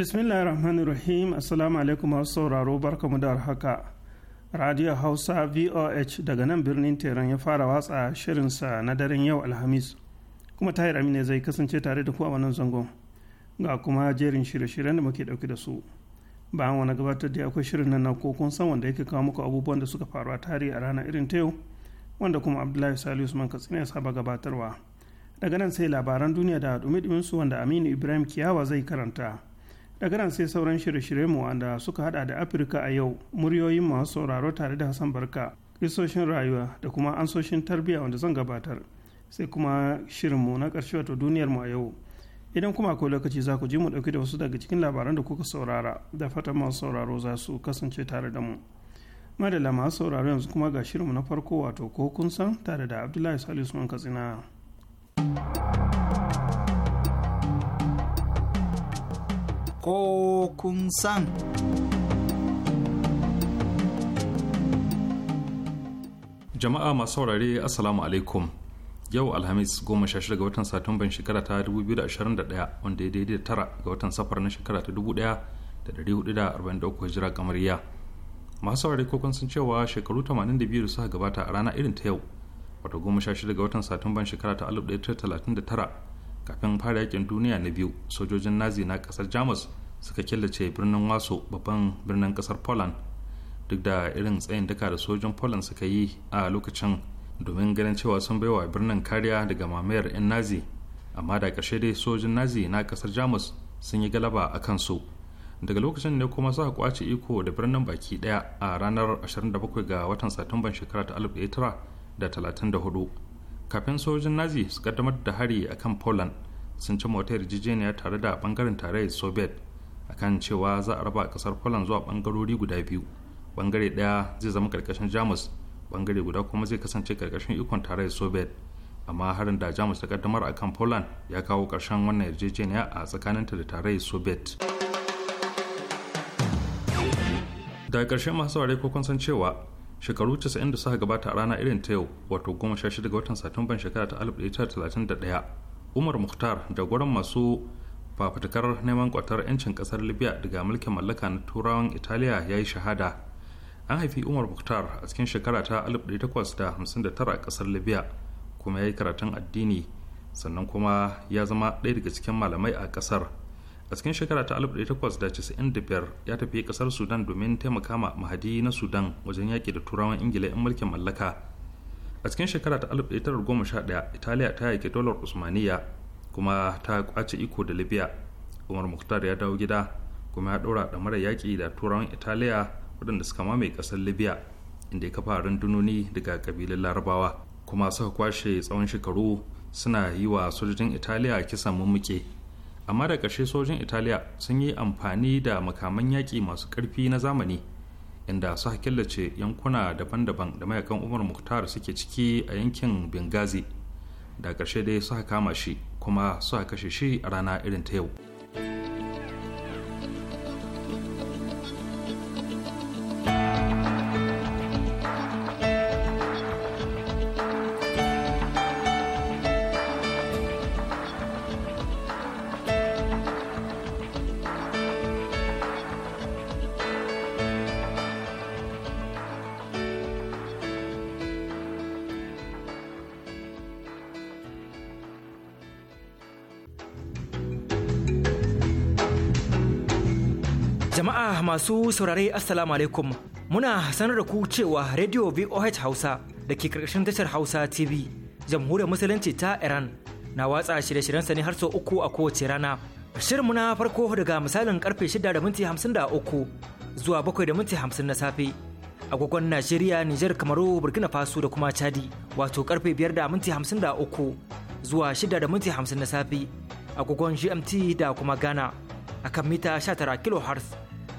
bismillahir rahmanir rahim assalamu alaikum masu sauraro barkamu da haka radio hausa voh daga nan birnin teran ya fara watsa shirinsa na daren yau alhamis kuma tahir amina zai kasance tare da ku a wannan zangon ga kuma jerin shirye-shiryen da muke dauke da su bayan wani gabatar da akwai shirin nan na kun san wanda yake kawo muku abubuwan da suka faru a tarihi a ranar irin ta yau wanda kuma abdullahi salisu usman katsina ya saba gabatarwa daga nan sai labaran duniya da dumi su wanda aminu ibrahim kiyawa zai karanta daga nan sai sauran shirye-shirye mu wanda suka hada da afirka a yau muryoyin masu sauraro tare da hassan barka kristoshin rayuwa da kuma ansoshin tarbiyya wanda zan gabatar sai kuma shirinmu na ƙarshe wato duniyar mu a yau idan kuma akwai lokaci za ku ji mu ɗauki da wasu daga cikin labaran da kuka saurara da fatan masu sauraro za su kasance tare da mu madalla masu sauraro yanzu kuma ga shirinmu na farko wato ko kun san tare da abdullahi salisu man katsina ko kun san. Jama'a masu saurare Assalamu alaikum. Yau Alhamis goma sha shida ga watan Satumban shekara ta 2021 wanda ya daidai da tara ga watan safar na shekara ta 1443 hijira kamariya. Masu saurare ko kun san cewa shekaru 82 da suka gabata a rana irin ta yau wato goma sha shida ga watan Satumban shekara ta 1939 kafin fara yakin duniya na biyu sojojin nazi na kasar jamus suka killace birnin waso babban birnin kasar poland duk da irin tsayin duka da sojin poland suka yi a lokacin domin ganin cewa sun baiwa birnin kariya daga mamayar 'yan nazi amma da ƙarshe dai sojin nazi na kasar jamus sun yi galaba a kansu daga lokacin ne kuma suka kwace iko da birnin baki daya a ranar 27 ga watan satumban shekara ta 1934 kafin sojojin nazi su kaddamar da hari a kan poland sun ci wata yarjejeniya tare da bangaren tarayyar soviet a kan cewa za a raba kasar poland zuwa bangarori guda biyu bangare daya zai zama karkashin jamus bangare guda kuma zai kasance karkashin ikon tarayyar soviet amma harin da jamus ta kaddamar a kan poland ya kawo karshen wannan yarjejeniya a tsakaninta da tarayyar soviet daga karshe masu ware ko kun san cewa shekaru 90 da suka gabata a rana irin ta yau wato 16 ga watan satumban shekara ta 1931 umar muhtar jagoran masu fafutukar neman kwatar 'yancin kasar libya daga mulkin mallaka na turawan italiya ya yi shahada an haifi umar muhtar a cikin shekara ta 1859 a kasar libya kuma ya yi karatun addini sannan kuma ya zama ɗaya daga cikin malamai a kasar a cikin shekara ta 1895 ya tafi kasar sudan domin taimaka ma mahadi na sudan wajen yaƙi da turawan ingila 'yan mulkin mallaka a cikin shekara ta 1911 italiya ta yaƙi dolar usmaniya kuma ta kwace iko da libya umar muktar ya dawo gida kuma ya ɗora mara yaƙi da turawan italiya waɗanda suka mamaye ƙasar libya inda ya kafa rundunoni daga ƙabilun larabawa kuma suka kwashe tsawon shekaru suna yi wa sojojin italiya kisan mummuke amma da ƙarshe sojin italiya sun yi amfani da makaman yaƙi masu ƙarfi na zamani inda su killace yankuna daban-daban da mayakan umar muktar suke ciki a yankin bengazi da ƙarshe dai su kama shi kuma su kashe shi a rana irin ta yau masu saurare assalamu alaikum muna sanar da ku cewa radio voh hausa da ke karkashin tashar hausa tv jamhuriyar musulunci ta iran na watsa shirye-shiryensa ne har sau uku a kowace rana shirin muna farko daga misalin karfe 6 da minti 53 zuwa 7 da minti 50 na safe agogon Najeriya, niger Kamaru, Burkina Faso da kuma Chadi, wato karfe 5 da minti 53 zuwa 6 da minti 50 na safe, agogon GMT da kuma Ghana, akan mita 19 kHz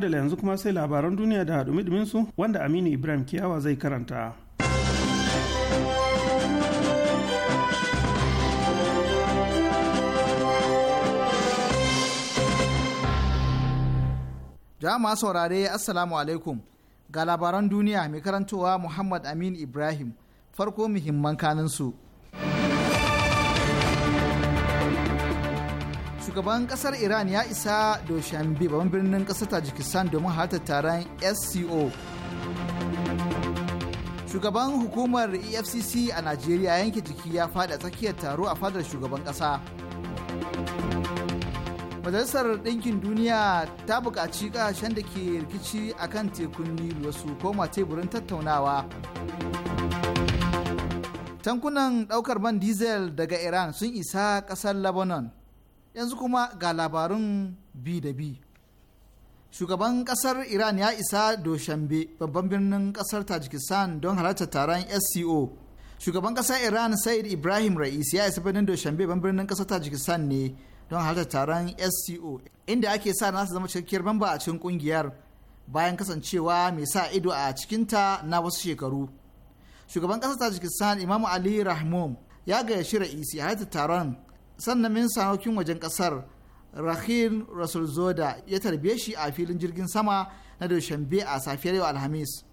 Adala yanzu kuma sai labaran duniya da dumi su wanda aminu ibrahim kiyawa zai karanta jama'a saurare assalamu alaikum ga labaran duniya mai karantowa muhammad Aminu ibrahim farko muhimman kanin su shugaban kasar iran ya isa doshambi babban birnin kasar tajikistan domin halartar taron sco shugaban hukumar efcc a najeriya yanke jiki ya fada tsakiyar taro a fadar shugaban kasa majalisar ɗinkin duniya ta buƙaci ƙasashen da ke rikici a kan tekun nilu su koma teburin tattaunawa tankunan ɗaukar man diesel daga iran sun isa ƙasar lebanon yanzu kuma ga labarun bi da bi shugaban kasar iran ya isa doshambe babban birnin kasar tajikistan don halarta taron sco shugaban kasar iran said ibrahim ra'is ya isa birnin doshambe babban birnin kasar tajikistan ne don halarta taron sco inda ake sa nasa zama cikakkiyar bamba a cikin kungiyar bayan kasancewa mai sa ido a cikinta na wasu shekaru shugaban kasar tajikistan imam ali rahmom ya gayyaci ra'isi halarta taron sannan min sanokin wajen kasar rahim rasul zoda ya tarbiye shi a filin jirgin sama na dushanbe a safiyar yau alhamis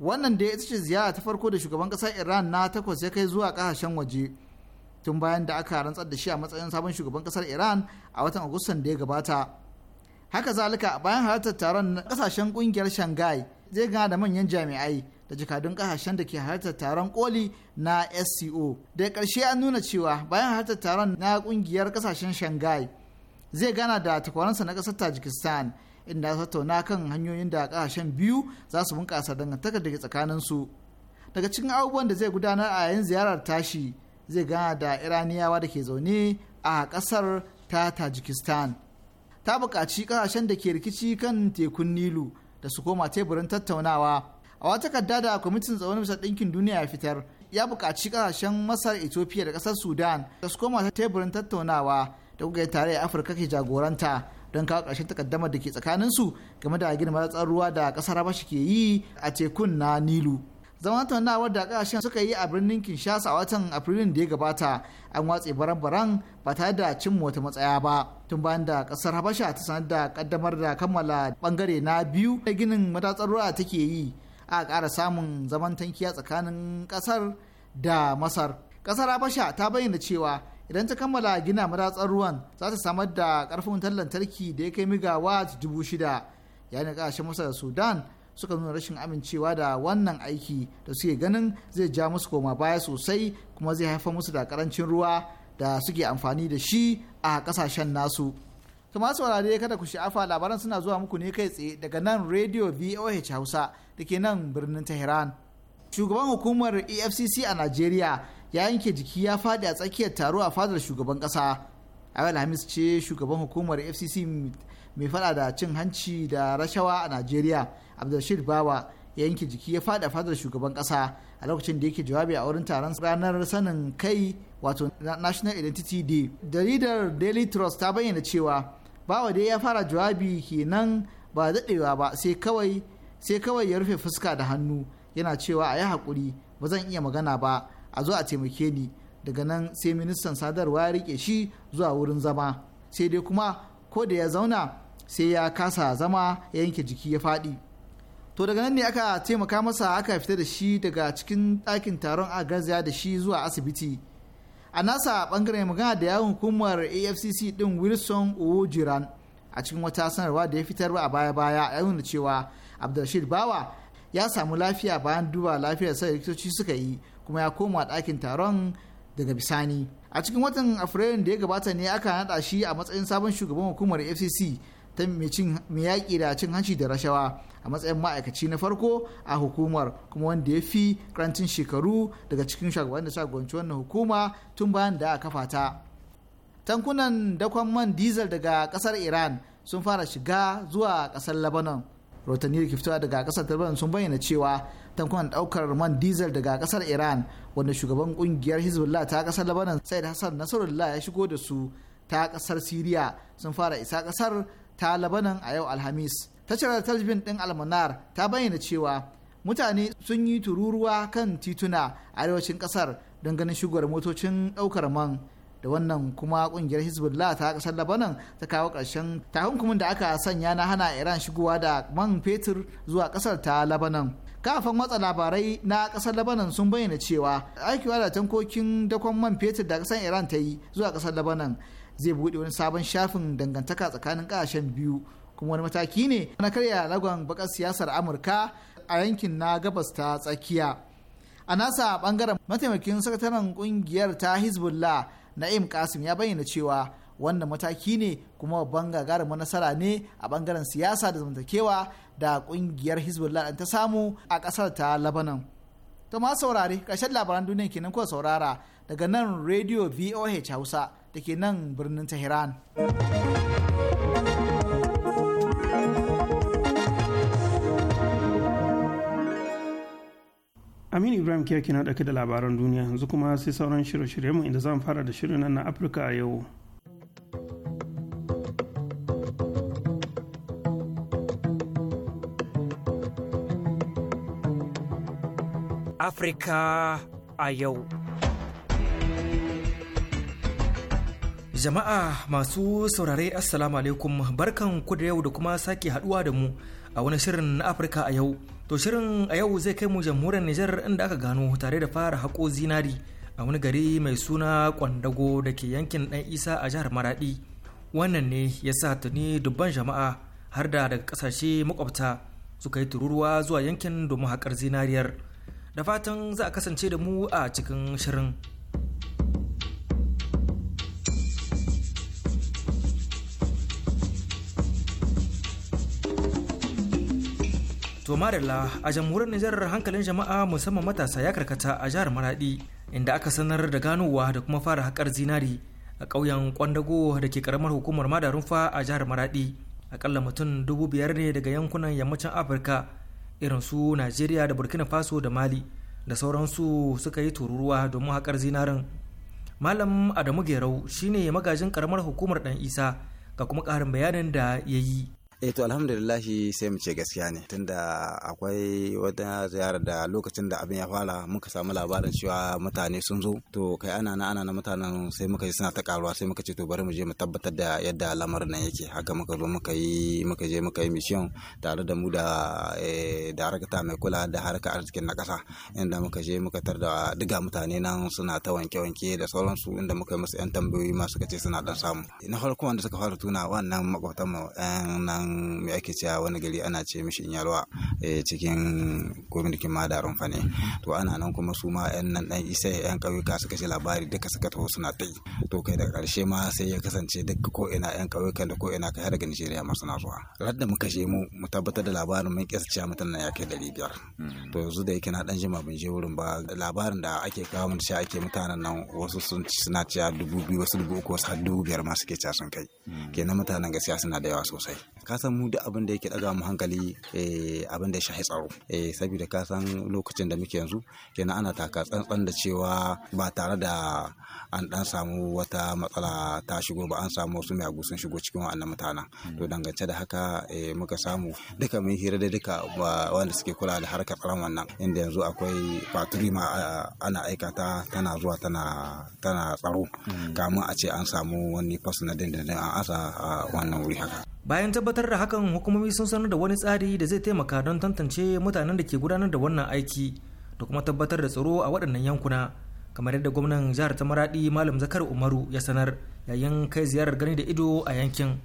wannan da ya ita ce ziyara ta farko da shugaban kasar iran na takwas ya kai zuwa kasashen waje tun bayan da aka rantsar da shi a matsayin sabon shugaban kasar iran a watan agustan da ya gabata haka zalika bayan halartar taron kasashen kungiyar shanghai zai gana da manyan jami'ai da jakadun kasashen da ke halartar taron koli na sco da karshe an nuna cewa bayan halartar taron na kungiyar kasashen shanghai zai gana da takwaransa na kasar tajikistan inda za tattauna kan hanyoyin da kasashen biyu za su bunƙasa dangantakar da ke tsakaninsu daga cikin abubuwan da zai gudanar a yayin ziyarar tashi zai gana da iraniyawa da ke zaune a ƙasar ta tajikistan ta buƙaci ƙasashen da ke rikici kan tekun nilu da su koma teburin tattaunawa a wata kadda da kwamitin tsaron bisa ɗinkin duniya ya fitar ya buƙaci ƙasashen masar ethiopia da ƙasar sudan da su koma teburin tattaunawa da kuka tare afirka ke jagoranta don kawo ƙarshen takaddamar da ke tsakaninsu game da gina matsar ruwa da ƙasar habashi ke yi a tekun na nilu zaman tattaunawar da ƙasashen suka yi a birnin kinshasa a watan afrilun da ya gabata an watse baran-baran ba tare da cin wata matsaya ba tun bayan da kasar habasha ta sanar da kaddamar da kammala bangare na biyu na ginin matatsar ruwa take yi a ƙara samun zaman tankiya tsakanin ƙasar da masar ƙasar habasha ta bayyana cewa idan ta kammala gina madatsar ruwan za ta samar da ƙarfin wutar lantarki da ya kai megawatt dubu shida yayin da ƙasashen masar da sudan suka nuna rashin amincewa da wannan aiki da suke ganin zai ja musu koma baya sosai kuma zai haifar musu da ƙarancin ruwa da suke amfani da shi a ƙasashen nasu. To masu saurare kada ku sha'afa labaran suna zuwa muku ne kai tsaye daga nan Radio VOH Hausa da ke nan birnin Tehran. Shugaban hukumar EFCC a Najeriya ya yanke jiki ya faɗi a tsakiyar taro a fadar shugaban ƙasa. A Alhamis ce shugaban hukumar e FCC mai faɗa da cin hanci da rashawa a Najeriya Abdulrashid Bawa ya yanke jiki ya faɗi a fadar shugaban ƙasa a lokacin da yake jawabi a wurin taron ranar sanin kai wato National Identity Day. Jaridar Daily Trust ta bayyana cewa bawa dai ya fara jawabi kenan ba daɗewa ba sai kawai sai kawai ya rufe fuska da hannu yana cewa a yi hakuri ba zan iya magana ba a zo a taimake ni daga nan sai ministan sadarwa ya rike shi zuwa wurin zama sai dai kuma ko da ya zauna sai ya kasa zama ya yanke jiki ya faɗi to daga nan ne aka taimaka masa aka fita da shi daga cikin ɗakin taron a da shi zuwa asibiti a nasa bangaren magana da yawon hukumar afcc din wilson uwujiran a cikin wata sanarwa da ya fitar a baya-baya yawon da cewa abdulrashid bawa ya samu lafiya bayan duba lafiyar sai likitoci suka yi kuma ya koma dakin taron daga bisani a cikin watan afrilun da ya gabata ne aka naɗa shi a matsayin sabon shugaban hukumar afcc. ta miyaki da cin hanci da rashawa a matsayin ma'aikaci na farko a hukumar kuma wanda ya fi karancin shekaru daga cikin shugabannin da suka gwanci wannan hukuma tun bayan da aka kafa ta tankunan dakon man diesel daga kasar iran sun fara shiga zuwa kasar lebanon rotani da fitowa daga kasar lebanon sun bayyana cewa tankunan daukar man diesel daga kasar iran wanda shugaban kungiyar hezbollah ta kasar sai said hassan nasarullah ya shigo da su ta kasar syria sun fara isa kasar ta labanan a yau alhamis tashar talibin ɗin almanar ta bayyana cewa mutane sun yi tururuwa kan tituna a arewacin ƙasar don ganin shigowar motocin ɗaukar man da wannan kuma ƙungiyar hezbollah ta kasar labanan ta kawo ƙarshen takunkumin da aka sanya na hana iran shigowa da man fetur zuwa kasar ta labanan kafin watsa labarai na kasar labanan sun bayyana cewa aikiwa da tankokin dakon man fetur da kasar iran ta yi zuwa kasar labanan zai buɗe wani sabon shafin dangantaka tsakanin ƙasashen biyu kuma wani mataki ne na karya lagon bakar siyasar amurka a yankin na gabas ta tsakiya a nasa bangaren mataimakin sakataren kungiyar ta hezbollah na'im kasim ya bayyana cewa wannan mataki ne kuma babban gagarin nasara ne a bangaren siyasa da zamantakewa da kungiyar hezbollah ta samu a kasar ta labanan to ma saurare ƙarshen labaran duniya kenan kuka saurara daga nan radio voh hausa da ke nan birnin tehran Aminu Ibrahim ke na ɗauke da labaran duniya yanzu kuma sai sauran shirye mu inda zan fara da shirin nan na Afirka a yau. Afirka a yau. Jama'a masu saurare Assalamu alaikum barkan ku da yau da kuma sake haduwa da mu a wani shirin na Afirka a yau. To shirin a yau zai kai mu jamhuriyar Nijar inda aka gano tare da fara haƙo zinari a wani gari mai suna Kwandago da ke yankin ɗan Isa a jihar Maradi. Wannan ne ya sa tuni dubban jama'a har da daga ƙasashe makwabta suka yi tururuwa zuwa yankin domin haƙar zinariyar. Da fatan za a kasance da mu a cikin shirin. To a jamhuriyar Nijar hankalin jama'a musamman matasa ya karkata a jihar Maradi inda aka sanar da ganowa da kuma fara haƙar zinari a ƙauyen Kwandago da ke karamar hukumar Madarunfa a jihar Maradi. Akalla mutum dubu biyar ne daga yankunan yammacin Afirka irin su Najeriya da Burkina Faso da Mali da sauransu suka yi tururuwa domin haƙar zinarin. Malam Adamu Gerau shine magajin ƙaramar hukumar Ɗan Isa ga kuma ƙarin bayanin da ya yi. eh to alhamdulillahi sai mu ce gaskiya ne tunda akwai wata ziyara da lokacin da abin ya fara muka samu labarin cewa mutane sun zo to kai ana na ana na mutanen sai muka yi suna ta karuwa sai muka ce to bari mu je mu tabbatar da yadda lamarin nan yake haka muka zo muka yi muka je muka yi mission tare da mu da eh, darakta mai kula da harka arzikin na kasa inda muka je muka tar da diga mutane nan suna ta wanke-wanke da sauransu inda muka yi musu 'yan tambayoyi ma suka ce suna dan samu na farko wanda suka fara tuna wannan makwabtan mu nan me ake cewa wani gari ana ce mishi inyalwa eh, cikin gwamnatin madarun fa ne to ana nan kuma su ma yan nan dan isa yan kauyuka suka ce labari duka suka taho suna ta yi to kai da karshe ma sai ya kasance duka ko ina yan kauyuka da ko ina kai daga Nijeriya ma suna zuwa rad da muka je mu mu tabbatar da labarin mun kisa cewa mutum nan ya kai dari biyar to yanzu da yake na dan jima bin je wurin ba labarin da ake kawo mun sha ake mutanen nan wasu sun suna cewa dubu biyu wasu dubu uku wasu har dubu biyar ma suke cewa sun kai kenan mutanen gaskiya suna da yawa sosai ka san mu da abin da yake daga mu hankali eh, abin da ya shahi tsaro eh, saboda ka san lokacin da muke yanzu kenan ana taka tsantsan da cewa ba tare da an dan samu wata matsala ta shigo ba an samu wasu mai sun shigo cikin wa'annan mutanen to dangance da haka eh, muka samu duka mun hira da duka wanda suke kula da harkar tsaron wannan inda yanzu akwai faturi ma ana aikata tana zuwa tana tana tsaro hmm. kamun a ce an samu wani fasu na dindindin an asa wannan wuri haka bayan tabbatar da hakan hukumomi sun sanar da wani tsari da zai taimaka don tantance mutanen da ke gudanar da wannan aiki da kuma tabbatar da tsaro a waɗannan yankuna kamar yadda gwamnan jihar ta maradi malam zakar umaru ya sanar yayin kai ziyarar gani da ido a yankin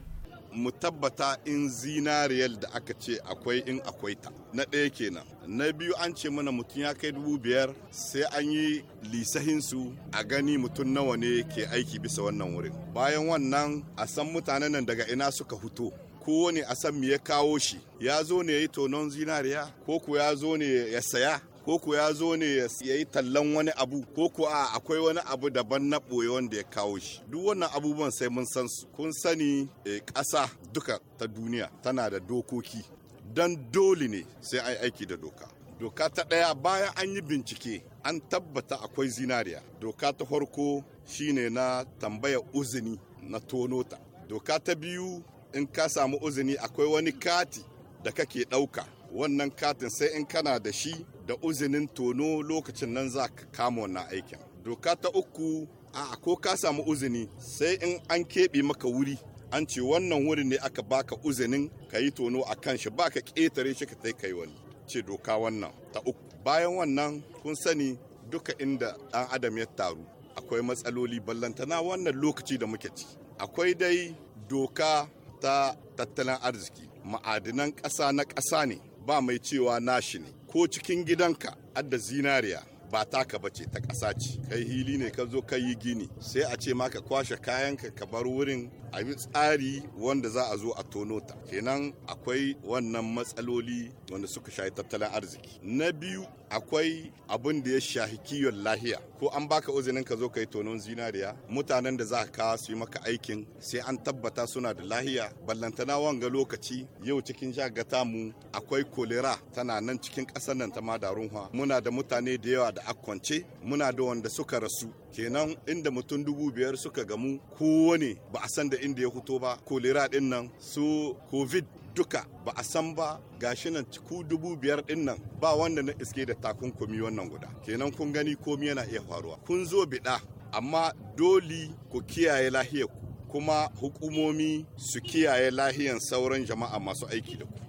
mu tabbata in zinariyar da aka ce akwai in akwai ta na ɗaya kenan na biyu an ce mana mutum ya kai dubu biyar sai an yi lisahinsu a gani mutum nawa ne ke aiki bisa wannan wurin bayan wannan a san mutanen nan daga ina suka fito kowane a san me ya kawo shi ya zo ne ya yi tonon zinariya ko ku ya zo ne ya saya ko ko ya zo ne ya yi tallan wani abu ko ko a akwai wani abu daban na ɓoye wanda ya kawo shi duk wannan abubuwan sai mun san su kun sani e, ƙasa duka ta duniya tana da dokoki don dole ne sai an aiki da doka doka ta ɗaya bayan an yi bincike an tabbata akwai zinariya doka ta farko shine na tambaya uzini na tonota doka ta biyu in ka samu uzini akwai wani kati da kake ɗauka wannan katin sai in kana da shi da uzinin tono lokacin nan za ka kama wannan aikin doka ta uku a ko ka samu uzini sai in an keɓe maka wuri an ce wannan wuri ne aka baka uzinin ka yi tono a kan shi baka ƙetare shi ka tai kai wani ce doka wannan ta uku bayan wannan kun sani duka inda ɗan adam ya taru akwai matsaloli ballantana wannan lokaci da muke ci akwai dai doka ta tattalin arziki ma'adinan ƙasa na ƙasa ne ba mai cewa nashi ne ko cikin gidanka adda zinariya ba taka bace ta ƙasa ce kai hili ne ka zo ka yi gini sai a ce ma ka kwashe kayanka ka bar wurin a bi tsari wanda za a zo a tono ta kenan akwai wannan matsaloli wanda suka shayi tattalin arziki na biyu akwai abin da ya shahi kiwon lahiya ko an baka uzinin ka zo ka yi tonon zinariya mutanen da za ka su yi maka aikin sai an tabbata suna da lahiya ballantana wanga lokaci yau cikin jagata mu akwai kolera tana nan cikin ƙasar nan ta madarunwa muna da mutane da yawa da akwance muna da wanda suka rasu kenan inda mutum dubu biyar suka gamu kowane ba a san da da inda ya fito ba kolera din nan su covid duka ba a san ba gashi nan ku dubu biyar din nan ba wanda na iske da takunkumi wannan guda kenan kun gani komi yana iya faruwa kun zo biɗa amma dole ku kiyaye lahiyar kuma hukumomi su kiyaye lahiyan sauran jama'a masu aiki da ku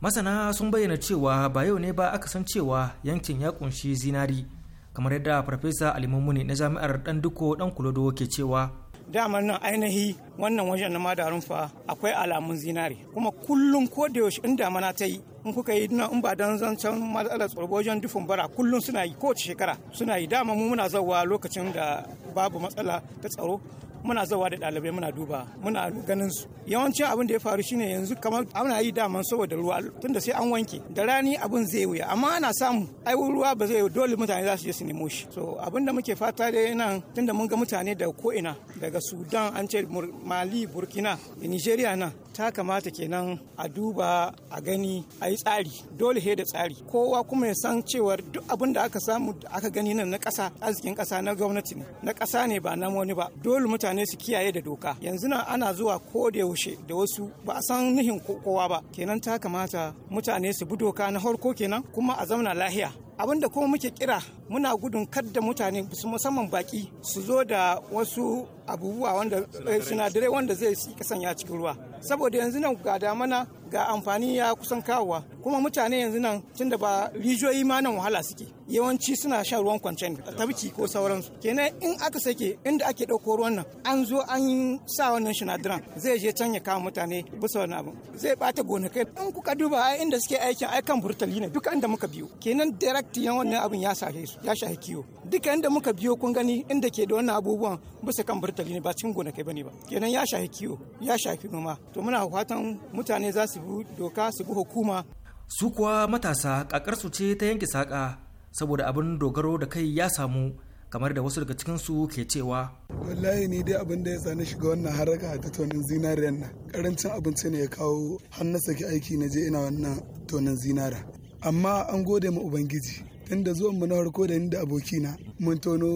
masana sun bayyana cewa ba yau ne ba aka san cewa yankin ya kunshi zinari kamar yadda farfesa alimamuni na jami'ar dan duko dan kulodo ke cewa dama nan ainihi wannan wajen na madarun fa akwai alamun zinare kuma kullum ko da yaushe in damana ta yi in kuka yi in ba dan zancen matsalar tsorbo wajen dufin bara kullum suna yi kowace shekara suna yi dama mu muna zawa lokacin da babu matsala ta tsaro muna zawa da ɗalibai muna duba muna ganin su yawanci abin da ya faru shine yanzu kamar ana yi daman saboda ruwa tunda sai an wanke da rani abin zai wuya amma ana samu ai ruwa ba zai dole mutane za su je su nemo shi so abin da muke fata dai nan tunda mun ga mutane da ko ina daga Sudan an ce Mali Burkina da Nigeria nan ta kamata kenan a duba a gani a yi tsari dole he da tsari kowa kuma ya san cewa duk abin da aka samu aka gani nan na ƙasa arzikin ƙasa na gwamnati ne na ƙasa ne ba na wani ba dole mutane su kiyaye da doka yanzu nan ana zuwa ko da yaushe da wasu ba a san nihin kowa ba kenan ta kamata mutane su bi doka na harko kenan kuma a zauna lahiya abin da kuma muke kira muna gudun kadda mutane musamman baki su zo da wasu abubuwa wanda sinadarai wanda zai kasanya cikin ruwa saboda yanzu nan ga damana ga amfani ya kusan kawowa kuma mutane yanzu nan tun da ba rijiyoyi ma nan wahala suke yawanci suna shan ruwan kwancen tabki ko sauransu kenan in aka sake inda ake ɗauko ruwan nan an zo an sa wannan sinadaran zai je can ya kama mutane bisa wani abu zai bata gonakai in kuka duba ai inda suke aikin ai kan burtali ne duka inda muka biyo kenan direct yan wannan abin ya shahe su ya shahe kiwo duka inda muka biyo kun gani inda ke da wannan abubuwan bisa kan burtali tattali ne ba cikin gonakai bane ba kenan ya shafi kiwo ya shafi noma to muna fatan mutane za su bi doka su bi hukuma su kuwa matasa kakar su ce ta yanke saka saboda abin dogaro da kai ya samu kamar da wasu daga cikin su ke cewa wallahi ni dai abin da ya sani shiga wannan haraka ta tonin zinariyar nan karancin abinci ne ya kawo har saki aiki na je ina wannan tonin zinara amma an gode ma ubangiji tunda zuwan mu na farko da ni da abokina mun tono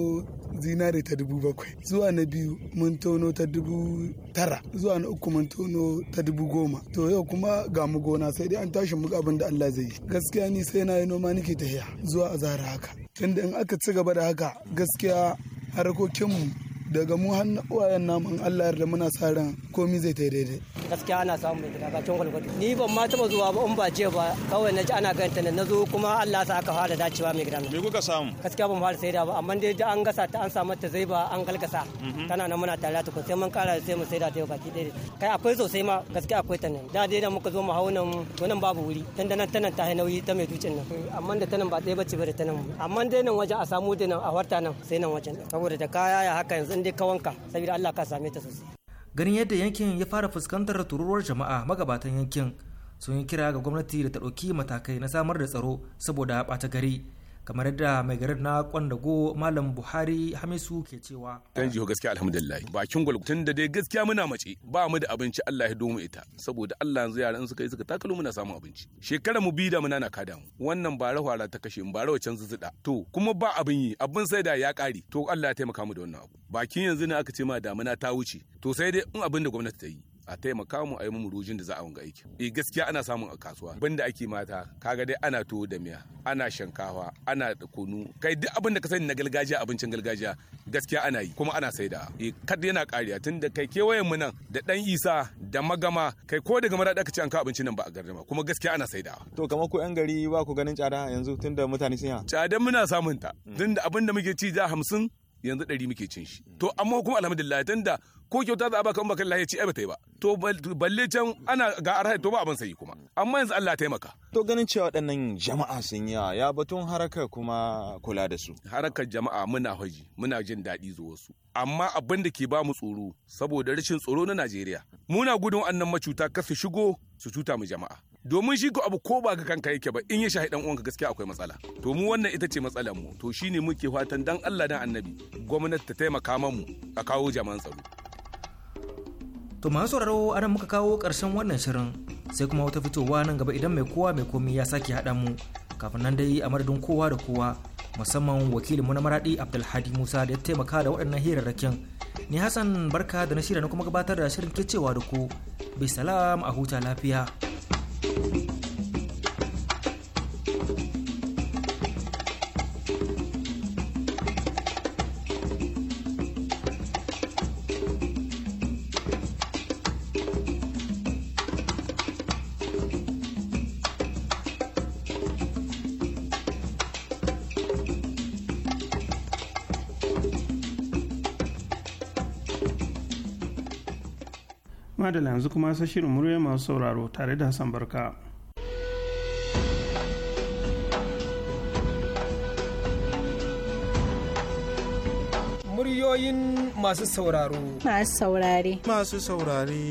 zinare ta dubu bakwai zuwa na biyu mun tono ta dubu tara zuwa na uku mun tono ta dubu goma to yau kuma ga mu gona sai dai an tashi muka abin da Allah zai yi gaskiya ni sai na yi noma nake tahiya zuwa a zara haka tunda in aka ci gaba da haka gaskiya harkokinmu daga mu har na uwayen namun Allah yarda muna sa ran komi zai ta daidai gaskiya ana samu mai cikin gwalgwado ni ban ma taba zuwa ba in ba je ba kawai na ji ana ganta na zo kuma Allah sa aka fara dacewa mai gidan me kuka samu gaskiya ban fara saida ba amma dai an gasa ta an samu ta zai ba an galgasa mhm. tana nan muna tare ta ko sai mun kara sai mu saida ta ba baki daidai kai akwai sosai ma gaskiya akwai ta nan da dai da muka zo mu hauna nan nan babu wuri tun da nan tanan ta nauyi ta mai dutsen nan eh, amma da tanan ba ɗaya bace ba da tanan amma dai nan wajen a samu da nan a warta nan sai nan wajen saboda da kaya ya haka yanzu in dai ka saboda Allah ka same ta sosai ganin yadda yankin ya fara fuskantar tururuwar jama'a magabatan yankin sun yi kira ga gwamnati da ta ɗauki matakai na samar da tsaro saboda ɓata gari kamar yadda mai garin na kwandago malam buhari hamisu ke cewa dan jiho gaskiya alhamdulillah bakin gwal tun da dai gaskiya muna mace ba mu da abinci Allah ya domu ita saboda Allah yanzu yaran suka yi suka takalo muna samun abinci shekara mu bida muna na kada mu wannan ba hwara ta kashe mu bara wacan zuzuda to kuma ba abin yi abin sai da ya kare to Allah ya taimaka mu da wannan abu bakin yanzu ne aka ce ma damuna ta wuce to sai dai in abin da gwamnati ta yi a taimaka mu a yi mu rujin da za a wanga aiki e eh, gaskiya ana samun a kasuwa banda ake mata kaga dai ana tuwo da miya ana shankawa ana kunu kai duk abin da ka sani na gargajiya abincin gargajiya gaskiya ana yi kuma ana saida e kad yana kariya tun da kai kewayen mu nan da dan isa da magama kai ko daga marada ka ci an ka abincin nan ba a gardama kuma gaskiya ana saida to kamar ku yan gari ba ku ganin tsada yanzu tunda mutane sun ya tsadan muna samun ta tunda abin da muke ci da hamsin yanzu ɗari muke cin shi mm. to amma kuma alhamdulillah tun da ko kyauta za a baka in baka ci ai bata yi ba to balle can ana ga arha to ba abin sayi kuma amma yanzu Allah taimaka to ganin cewa waɗannan jama'a sun yi ya batun haraka kuma kula da su harakar jama'a muna haji muna jin daɗi zuwa su amma abin da ke ba mu tsoro saboda rashin tsoro na Najeriya muna gudun annan macuta kar su shigo su cuta mu jama'a domin shi ko abu ko ba ga kanka yake ba in ya shahi dan uwanka gaskiya akwai matsala to mu wannan ita ce matsalar mu to shine muke fatan dan Allah dan Annabi gwamnati ta taimaka mu a kawo jama'an tsaro to masu sauraro anan muka kawo karshen wannan shirin sai kuma wata fitowa nan gaba idan mai kowa mai komi ya sake haɗa mu kafin nan dai a madadin kowa da kowa musamman wakilin mu na maradi abdulhadi musa da ya taimaka da waɗannan hirarrakin ni hassan barka da na shirya na kuma gabatar da shirin kicewa da ku bisalam a huta lafiya Thank you. madala yanzu kuma sai shirin murya masu sauraro tare da hassan barka muryoyin masu sauraro masu saurare masu saurare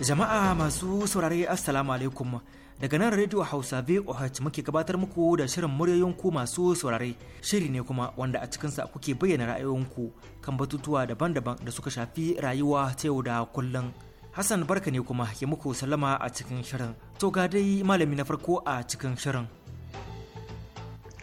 Jama'a masu saurare Assalamu alaikum daga nan Radio Hausa VOH muke gabatar muku da shirin muryoyin ku masu saurare shiri ne kuma wanda a cikinsa kuke bayyana ra'ayoyinku kan batutuwa daban-daban da suka shafi rayuwa ta yau da kullum. Hassan barka ne kuma ke muku salama a cikin shirin. To ga dai malami na farko a cikin shirin.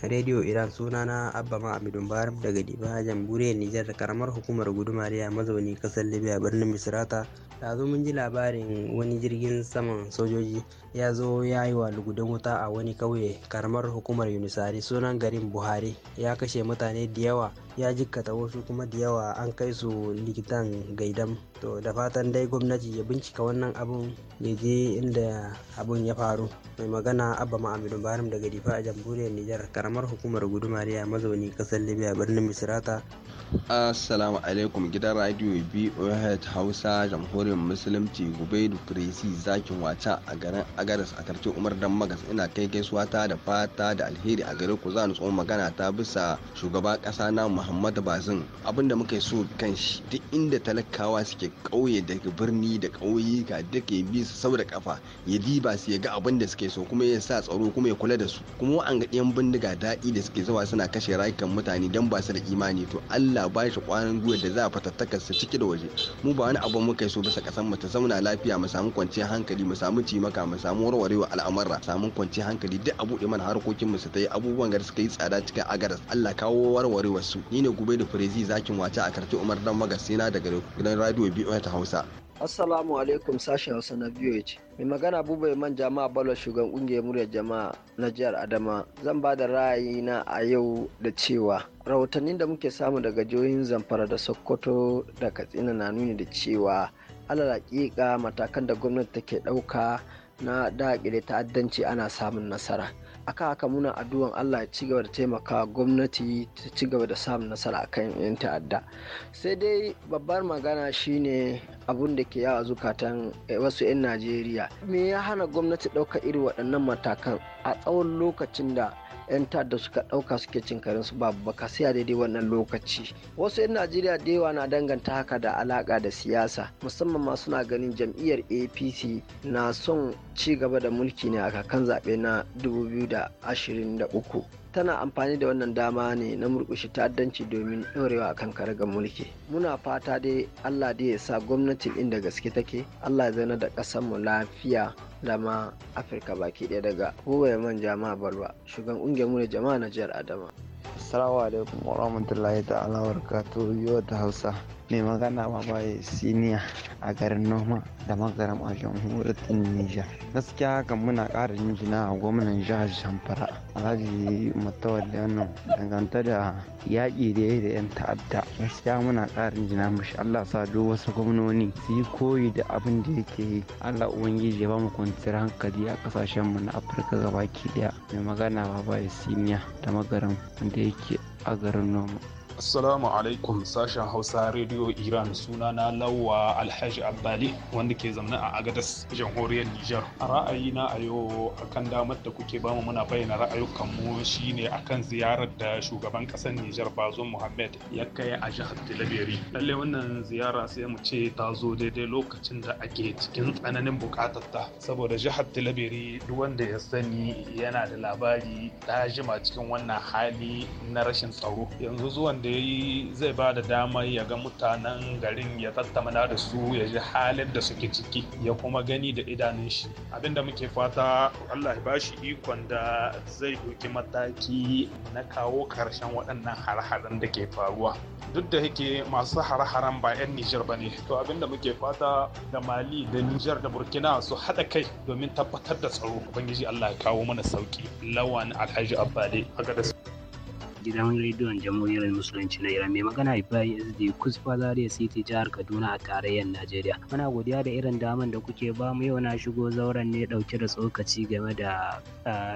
rediyo iran sunana abba ma'amidun baram daga diba jamhuriyar nijar karamar hukumar gudumariya mazauni kasar libya birnin misrata zo mun ji labarin wani jirgin saman sojoji ya zo ya yi wa lugudan wuta a wani kauye karamar hukumar unisari sunan garin buhari ya kashe mutane da yawa ya jikkata wasu kuma da yawa an kai su likitan gaidam to da fatan dai gwamnati ya bincika wannan abun ya je inda abun ya faru mai magana abba ma'amudu barim daga difa a jamhuriyar nijar karamar hukumar gudumariya mazauni kasar libya birnin misrata Assalamu alaikum gidan radio BOHED Hausa jamhuriyar Musulunci Gubaidu Kresi zakin wata a garin Agadas a karce Umar Dan Magas ina kai gaisuwa ta da fata da alheri a gare ku za ni tsohon magana ta bisa shugaba kasa na Muhammadu Bazin abinda muke so kan shi duk inda talakawa suke kauye daga birni da kauye ga ya bi su sau da kafa ya diba su ya ga abin da suke so kuma ya sa tsaro kuma ya kula da su kuma an ga bindiga daɗi da suke zawa suna kashe rayukan mutane dan ba su da imani to Allah Allah ba shi kwanan gwiwa da za a fatattaka su ciki da waje mu ba wani abu muka so bisa kasan mu ta zauna lafiya mu samu kwanciyar hankali mu samu cimaka mu samu warwarewa al'amarra samu kwanciyar hankali duk abu iman harkokin mu su ta yi abubuwan gar suka yi tsada cikin agaras Allah kawo warwarewa su ni ne gube da firezi zakin wata a karti Umar dan magasina daga gidan radio BOA ta Hausa Assalamu alaikum sashen Hausa na VOH. Mai magana Buba Man Jama'a Balo shugaban kungiyar muryar jama'a na jihar Adama. Zan ba da ra'ayina a yau da cewa rahotannin da muke samu daga jihohin Zamfara da Sokoto da Katsina na nuni da cewa alal matakan da gwamnati take ɗauka na daƙile ta'addanci ana samun nasara. aka haka muna addu'an Allah ya ci gaba da taimaka gwamnati ta ci gaba da samun nasara kan yan ta'adda sai dai babbar magana shine abun da ke yawa zukatan eh, wasu 'yan Najeriya me ya hana gwamnati ɗauka irin waɗannan matakan a tsawon lokacin da 'yan ta'adda suka ɗauka suke cin karin su babu baka sai daidai wannan lokaci wasu 'yan najeriya da yawa na danganta haka da alaka da siyasa musamman ma suna ganin jam'iyyar apc na son ci gaba da mulki ne a kakan zaɓe na 2023 tana amfani da wannan dama ne na murkushe ta'addanci domin ɗorewa akan ga mulki muna fata dai allah dai ya sa gwamnatin inda gaske take allah ya zana da ƙasarmu lafiya lama afirka baki ɗaya daga ya man ma balwa shugaban ƙungiyar mu jama'a na jihar adama assalamu alaikum warahmatullahi ta'ala barakatuhu yau ta hausa mai magana babaye siniya a garin noma da magaram a jamhuriyar nija gaskiya hakan muna ƙara jina a gwamnan jihar zamfara alhaji mutawar leonin danganta da yaƙi da ya da yan ta'adda gaskiya muna ƙara jina, mashi allah sa duk wasu gwamnoni su yi koyi da abin da yake yi allah ubangiji ya ba mu kwanciyar hankali a kasashen mu na afirka gabaki daya mai magana babaye siniya da magaram da yake a garin noma Assalamu alaikum sashen Hausa Radio Iran suna na Lawa Alhaji Abbali wanda ke zamana a Agadas jamhuriyar Nijar. A ra'ayina a yau akan damar da kuke bamu muna bayyana ra'ayukanmu shine akan ziyarar da shugaban ƙasar Nijar Bazo Muhammad ya kai a jihar Delaberi. Lalle wannan ziyara sai mu ce ta zo daidai lokacin da ake cikin tsananin buƙatar ta saboda jihar Delaberi duk wanda ya sani yana da labari ta jima cikin wannan hali na rashin tsaro. Yanzu zuwan da ya yi zai ba da damar ya ga mutanen garin ya tattamana da su ya ji halin da suke ciki ya kuma gani da idanun shi da muke fata allah ya bashi ikon da zai doki mataki na kawo karshen waɗannan har-haren da ke faruwa duk da yake masu har-haren ba 'yan nijar ba ne to abin da muke fata da mali da nijar da burkina su haɗa kai domin tabbatar da tsaro ubangiji allah ya kawo mana sauki lawan alhaji abbade a gidan rediyon jamhuriyar musulunci na iran mai magana ibrahim sd kusfa zaria city jihar kaduna a tarayyar najeriya muna godiya da irin daman da kuke ba mu yau na shigo zauren ne dauke da tsokaci game da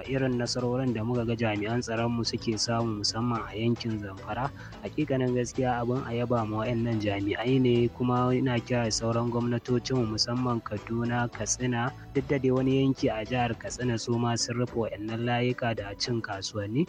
irin nasarorin da muka ga jami'an tsaron mu suke samu musamman a yankin zamfara hakikanin gaskiya abin a yaba wa wayannan jami'ai ne kuma ina kira sauran gwamnatocin musamman kaduna katsina duk da dai wani yanki a jihar katsina su ma sun rufe wayannan layuka da cin kasuwanni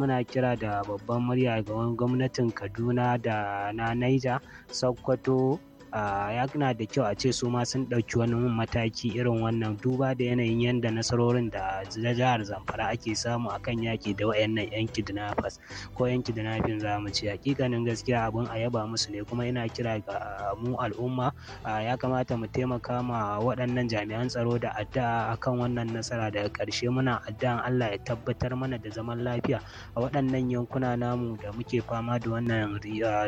muna kira da babban murya ga gwamnatin Kaduna da na Niger, Sokoto Ah, ya na da kyau a ce su ma sun ɗauki wani mataki irin wannan duba da yanayin yadda nasarorin da na jihar zamfara ake samu a kan yaki da wayannan yan kidnappers ko yan kidnapping za mu ce hakikanin gaskiya abun a yaba musu ne kuma ina kira ga ah, mu al'umma ah, ya kamata mu taimaka ma waɗannan jami'an tsaro da addu'a akan wannan nasara daga ƙarshe muna addu'an Allah ya tabbatar mana da zaman lafiya a waɗannan yankuna namu da muke fama da wannan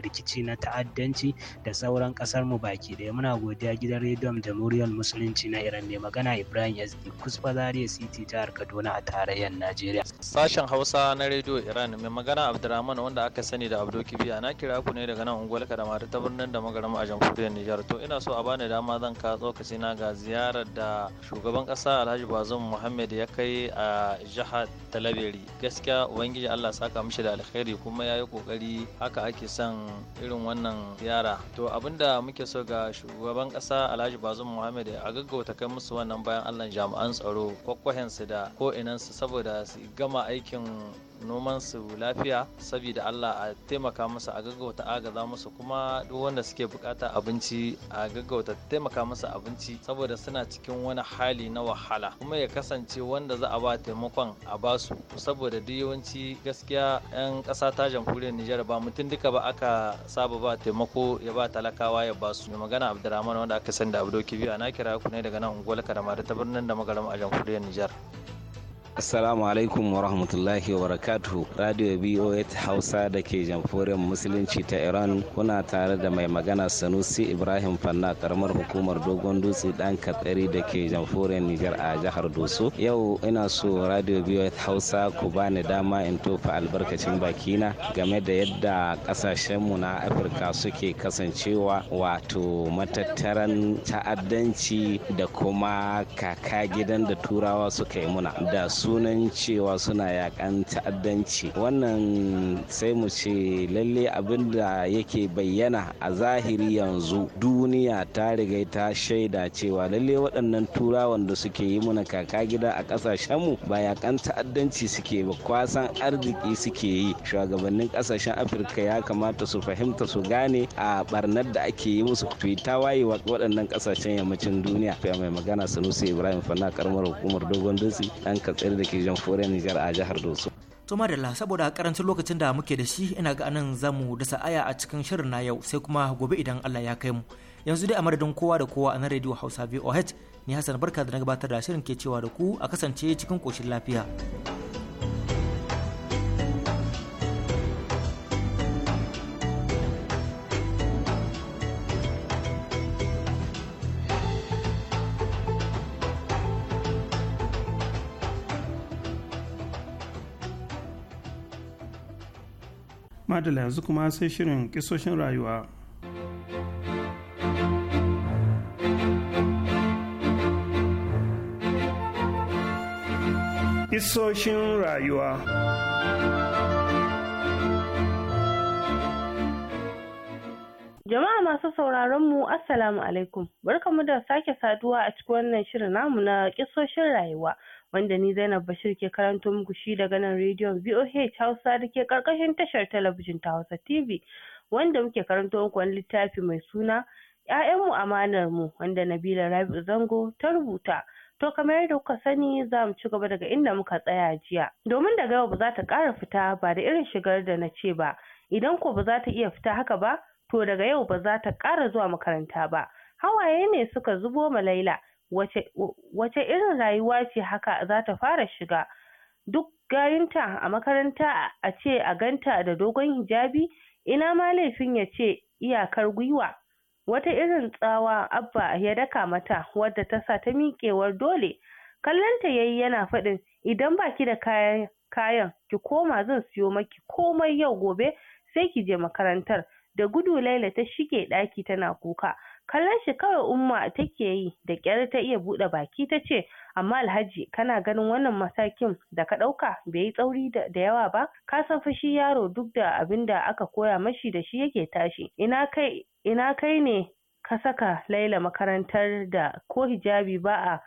rikici na ta'addanci da sauran ƙasar mu baki daya muna godiya gidan rediyon jamhuriyar musulunci na iran mai magana ibrahim yazdi kusfa zariya city jihar kaduna a tarayyar najeriya sashen hausa na rediyo iran mai magana abdulrahman wanda aka sani da abdul kibiya na kira ku ne daga nan da kadamari ta birnin da magarama a jamhuriyar nijar to ina so a bani dama zan ka tsokaci na ga ziyarar da shugaban kasa alhaji bazum muhammad ya kai a jihar talabiri gaskiya ubangiji allah saka mishi da alkhairi kuma ya yi kokari haka ake son irin wannan ziyara to abinda muke muke so ga shugaban kasa Alhaji Bazum Muhammad a gaggauta kai musu wannan bayan Allah jami'an tsaro kwakwahensu da ko saboda su gama aikin noman su lafiya saboda Allah a taimaka musu a gaggauta agaza musu kuma duk wanda suke bukata abinci a gaggauta taimaka musu abinci saboda suna cikin wani hali na wahala kuma ya kasance wanda za a ba taimakon a basu saboda duk yawanci gaskiya 'yan kasa ta jamhuriyar Nijar ba mutum duka ba aka saba ba taimako ya ba talakawa ya basu su magana Abdurrahman wanda aka sanda Abdo Kibiya na kira ku ne daga nan unguwar Kadamari ta birnin da magaram a jamhuriyar Nijar. Assalamu alaikum wa rahmatullahi wa barakatuhu. Radio BOH Hausa da ke jamhuriyar Musulunci ta Iran kuna tare da mai magana Sanusi Ibrahim Fanna karamar hukumar Dogon Dutse dan Katsari da ke jamhuriyar Nijar a jihar Doso. Yau ina so Radio BOH Hausa ku bani dama in tofa albarkacin bakina game da yadda kasashenmu na Afirka suke kasancewa wato matattaran ta'addanci da kuma kaka gidan da turawa suka yi muna da su sunan cewa suna yakan ta'addanci wannan sai mu ce lalle abin da yake bayyana a zahiri yanzu duniya ta riga ta shaida cewa lalle waɗannan turawan da suke yi mana kaka gida a ƙasashenmu ba yakan ta'addanci suke ba kwasan arziki suke yi shugabannin ƙasashen afirka ya kamata su fahimta su gane a barnar da ake yi musu fita waye waɗannan ƙasashen yammacin duniya mai magana sanusi ibrahim fana karamar hukumar dogon dutse ɗan katsina Bashir da ke jamhuriyar Nijar a jihar Doso. To saboda karancin lokacin da muke da shi ina ga anan za mu dasa aya a cikin shirin na yau sai kuma gobe idan Allah ya kai mu. Yanzu dai a madadin kowa da kowa a nan Radio Hausa VOH ni Hassan Barka da na gabatar da shirin ke cewa da ku a kasance cikin koshin lafiya. madala yanzu kuma sai shirin kisoshin rayuwa Kisoshin rayuwa Jama'a masu sauraron mu Assalamu alaikum. Barkamu da sake saduwa a cikin wannan shirin namu na kisoshin rayuwa wanda ni Zainab Bashir ke karanto muku shi daga nan rediyon VOH Hausa da ke karkashin tashar talabijin ta Hausa TV wanda muke karanto muku wani littafi mai suna ‘Ya'yanmu amanar mu wanda Nabila Rabi'u Zango ta rubuta. To kamar yadda kuka sani za mu ci gaba daga inda muka tsaya jiya. Domin daga yau ba za ta ƙara fita ba da irin shigar da na ce ba. Idan ko ba za ta iya fita haka ba, to daga yau ba za ta ƙara zuwa makaranta ba. Hawaye ne suka zubo ma Laila. wace wace irin rayuwa ce haka zata fara shiga duk gayunta a makaranta a ce a ganta da dogon hijabi ina ma laifin ya ce iyakar gwiwa wata irin tsawa Abba ya daka mata wadda ta sa ta miƙewar dole kallonta yayi yana faɗin idan baki da kayan kayan ki koma zan siyo maki komai yau gobe sai ki je makarantar da gudu Laila ta shige ɗaki tana kuka kallon shi kawai umma take yi da ƙyar ta iya buɗe baki ta ce amma alhaji kana ganin wannan matakin da ka ɗauka bai yi tsauri da yawa ba ka san fushi yaro duk da abin da aka koya mashi da shi yake tashi ina kai ina kai ne ka saka laila makarantar da ko hijabi ba a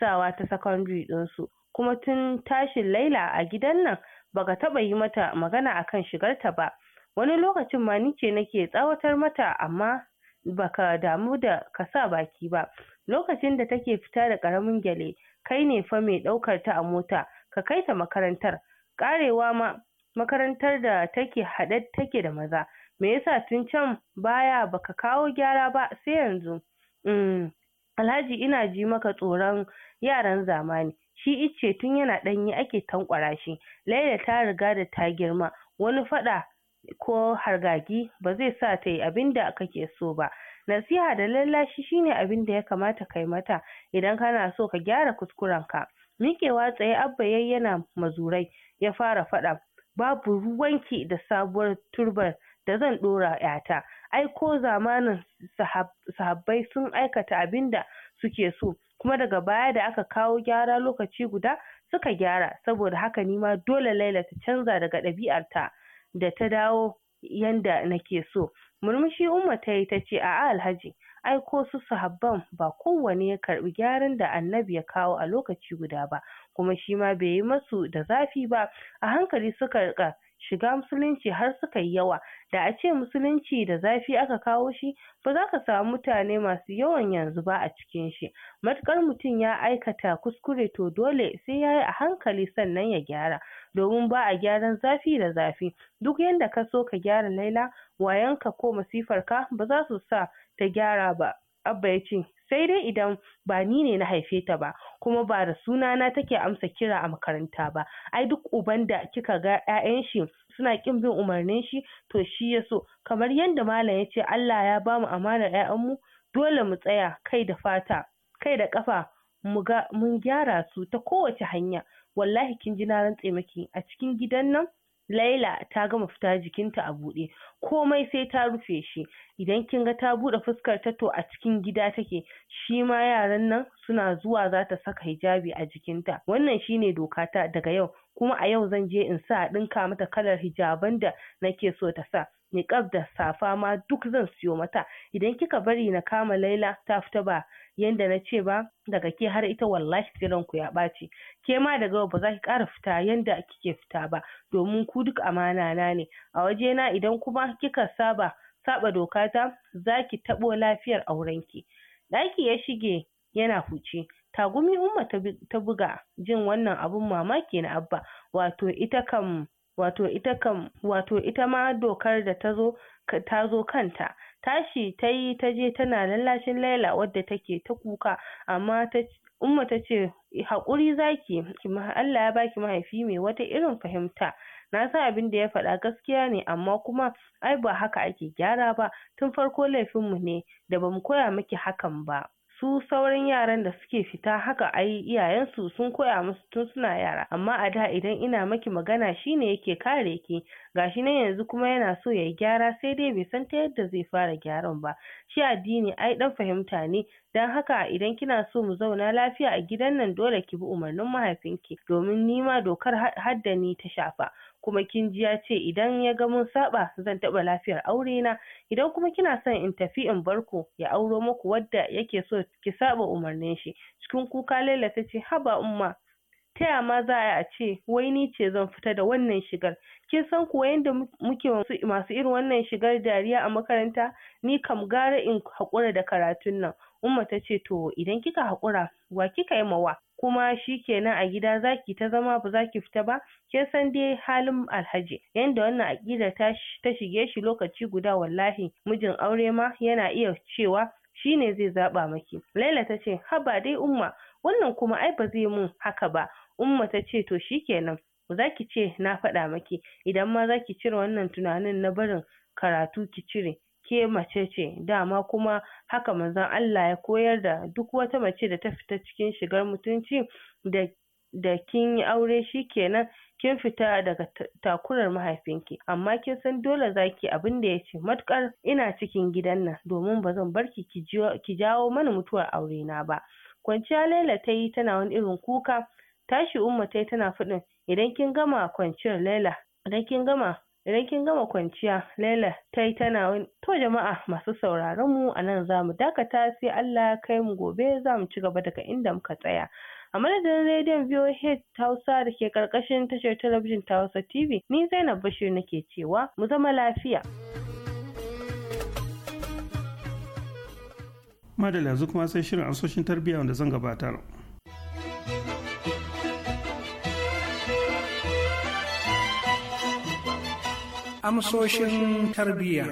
sawa ta secondary su, kuma tun tashin laila a gidan nan baka taɓa yi mata magana akan shigarta ba wani lokacin ma ni ce nake tsawatar mata amma baka damu da kasa baki ba lokacin da take fita da ƙaramin gyale kai ne fa mai ɗaukar ta a mota ka kai ta makarantar ƙarewa ma makarantar da take haɗe take da maza me yasa tun can baya baka kawo gyara ba sai yanzu um Alhaji ina ji maka tsoron yaran zamani shi icce tun yana ɗanye ake tankwara shi Laila ta riga da ta girma wani faɗa ko hargagi ba zai sa ta yi abin da kake so ba nasiha da lallashi shine abin da ya kamata kai mata idan kana so ka gyara kuskurenka miƙewa tsaye abba yayi yana mazurai ya fara faɗa babu ruwanki da sabuwar turbar da zan ɗora yata ai ko zamanin sahabbai sun aikata abin da suke so kuma daga baya da aka kawo gyara lokaci guda suka gyara saboda haka nima dole laila ta canza daga ɗabi'arta da ta dawo yanda nake so murmushi umma ta yi ce a'a alhaji ai ko su sahabban ba kowane ya karbi gyaran da annabi ya kawo a lokaci guda ba kuma shi ma bai yi masu da zafi ba a hankali suka rika shiga musulunci har suka yi yawa da a ce musulunci da zafi aka kawo shi ba za ka samu mutane masu yawan yanzu ba a cikin shi matukar mutum ya aikata kuskure to dole sai ya yi a hankali sannan ya gyara domin ba a gyaran zafi da zafi duk yanda ka so ka gyara Laila wayanka ko masifarka ba za su sa ta gyara ba Abba ya ce sai dai idan ba ni ne na haife ta ba kuma ba da suna sunana take amsa kira a makaranta ba ai duk uban da kika ga 'ya'yan shi suna kin bin umarnin shi to shi ya so kamar yadda malam ya ce Allah ya ba bamu amanar mu, dole mu tsaya kai da fata kai da kafa mu mun gyara su ta kowace hanya wallahi kin ji na rantse maki a cikin gidan nan Laila ta gama fita jikinta a buɗe komai sai ta rufe shi idan kin ga ta buɗe fuskar ta to a cikin gida take shi ma yaran nan suna zuwa za ta saka hijabi a jikinta wannan shine doka ta daga yau kuma a yau zan je in sa a ɗinka mata kalar hijaban da nake so ta sa niƙab da safa ma duk zan siyo mata idan kika bari na kama Laila ta fita ba yanda na ce ba daga ke har ita wallahi sai ku ya ɓaci ke ma daga ba za ki ƙara fita yanda kike fita ba domin ku duk amana na ne a wajena idan kuma kika saba saba doka ta za ki taɓo lafiyar aurenki ɗaki ya shige yana huce. tagumi umma ta buga jin wannan abun mamaki na abba wato ita kam wato ita kam wato ita ma dokar da ta zo kanta tashi ta yi ta je tana lallashin Laila wadda take ta kuka amma ta Umma ta ce haƙuri zaki Allah ya baki mahaifi mai wata irin fahimta na san abin da ya faɗa gaskiya ne amma kuma ai ba haka ake gyara ba tun farko laifinmu ne da bamu koya miki hakan ba su sauran yaran da suke fita haka ai iyayensu sun koya musu tun suna yara amma a da idan ina maki magana shine yake kare ki gashi nan yanzu kuma yana so ya yi gyara sai dai bai san ta yadda zai fara gyaran ba shi addini ai dan fahimta ne don haka idan kina so mu zauna lafiya a gidan nan dole ki bi umarnin mahaifinki domin nima dokar hadda ni ta shafa kuma kin ji ya ce idan ya ga mun saba zan taɓa lafiyar aure na idan kuma kina son in tafi in bar ku ya auro muku wadda yake so ki saɓa umarnin shi cikin kuka Laila ta ce haba umma taya ma za a ce wai ni ce zan fita da wannan shigar kin san kuwa yadda muke masu irin wannan shigar dariya a makaranta ni kam gara in haƙura da karatun nan umma ta ce to idan kika haƙura wa kika yi mawa kuma shikenan a gida zaki ta zama ba zaki fita ba kin san dai halin alhaji yanda wannan aƙidar ta shige shi lokaci guda wallahi mijin aure ma yana iya cewa shine zai zaɓa maki laila ta ce haba dai umma wannan kuma ai ba zai mun haka ba umma ta ce to shikenan zaki ce na faɗa maki idan ma zaki cire wannan tunanin na barin karatu ki cire ke mace ce dama kuma haka manzon Allah ya koyar da duk wata mace da ta fita cikin shigar mutunci da da kin yi aure kenan kin fita daga takurar mahaifinki amma kin san dole zaki abin da yace matukar ina cikin gidan nan domin ba zan bar ki ki jawo mana mutuwar aure na ba kwanciya Laila ta yi tana wani irin kuka tashi Umma ta yi tana faɗin idan kin gama kwanciyar Laila idan kin gama idan kin gama kwanciya laila tayi tana wani to jama'a masu sauraron mu a nan za mu dakata sai Allah kai mu gobe za mu ci gaba daga inda muka tsaya a madadin rediyon VOH Hausa da ke karkashin tashar talabijin ta Hausa TV ni Zainab Bashir nake cewa mu zama lafiya madalla yanzu kuma sai shirin amsoshin tarbiyya wanda zan gabatar amsoshin tarbiyya.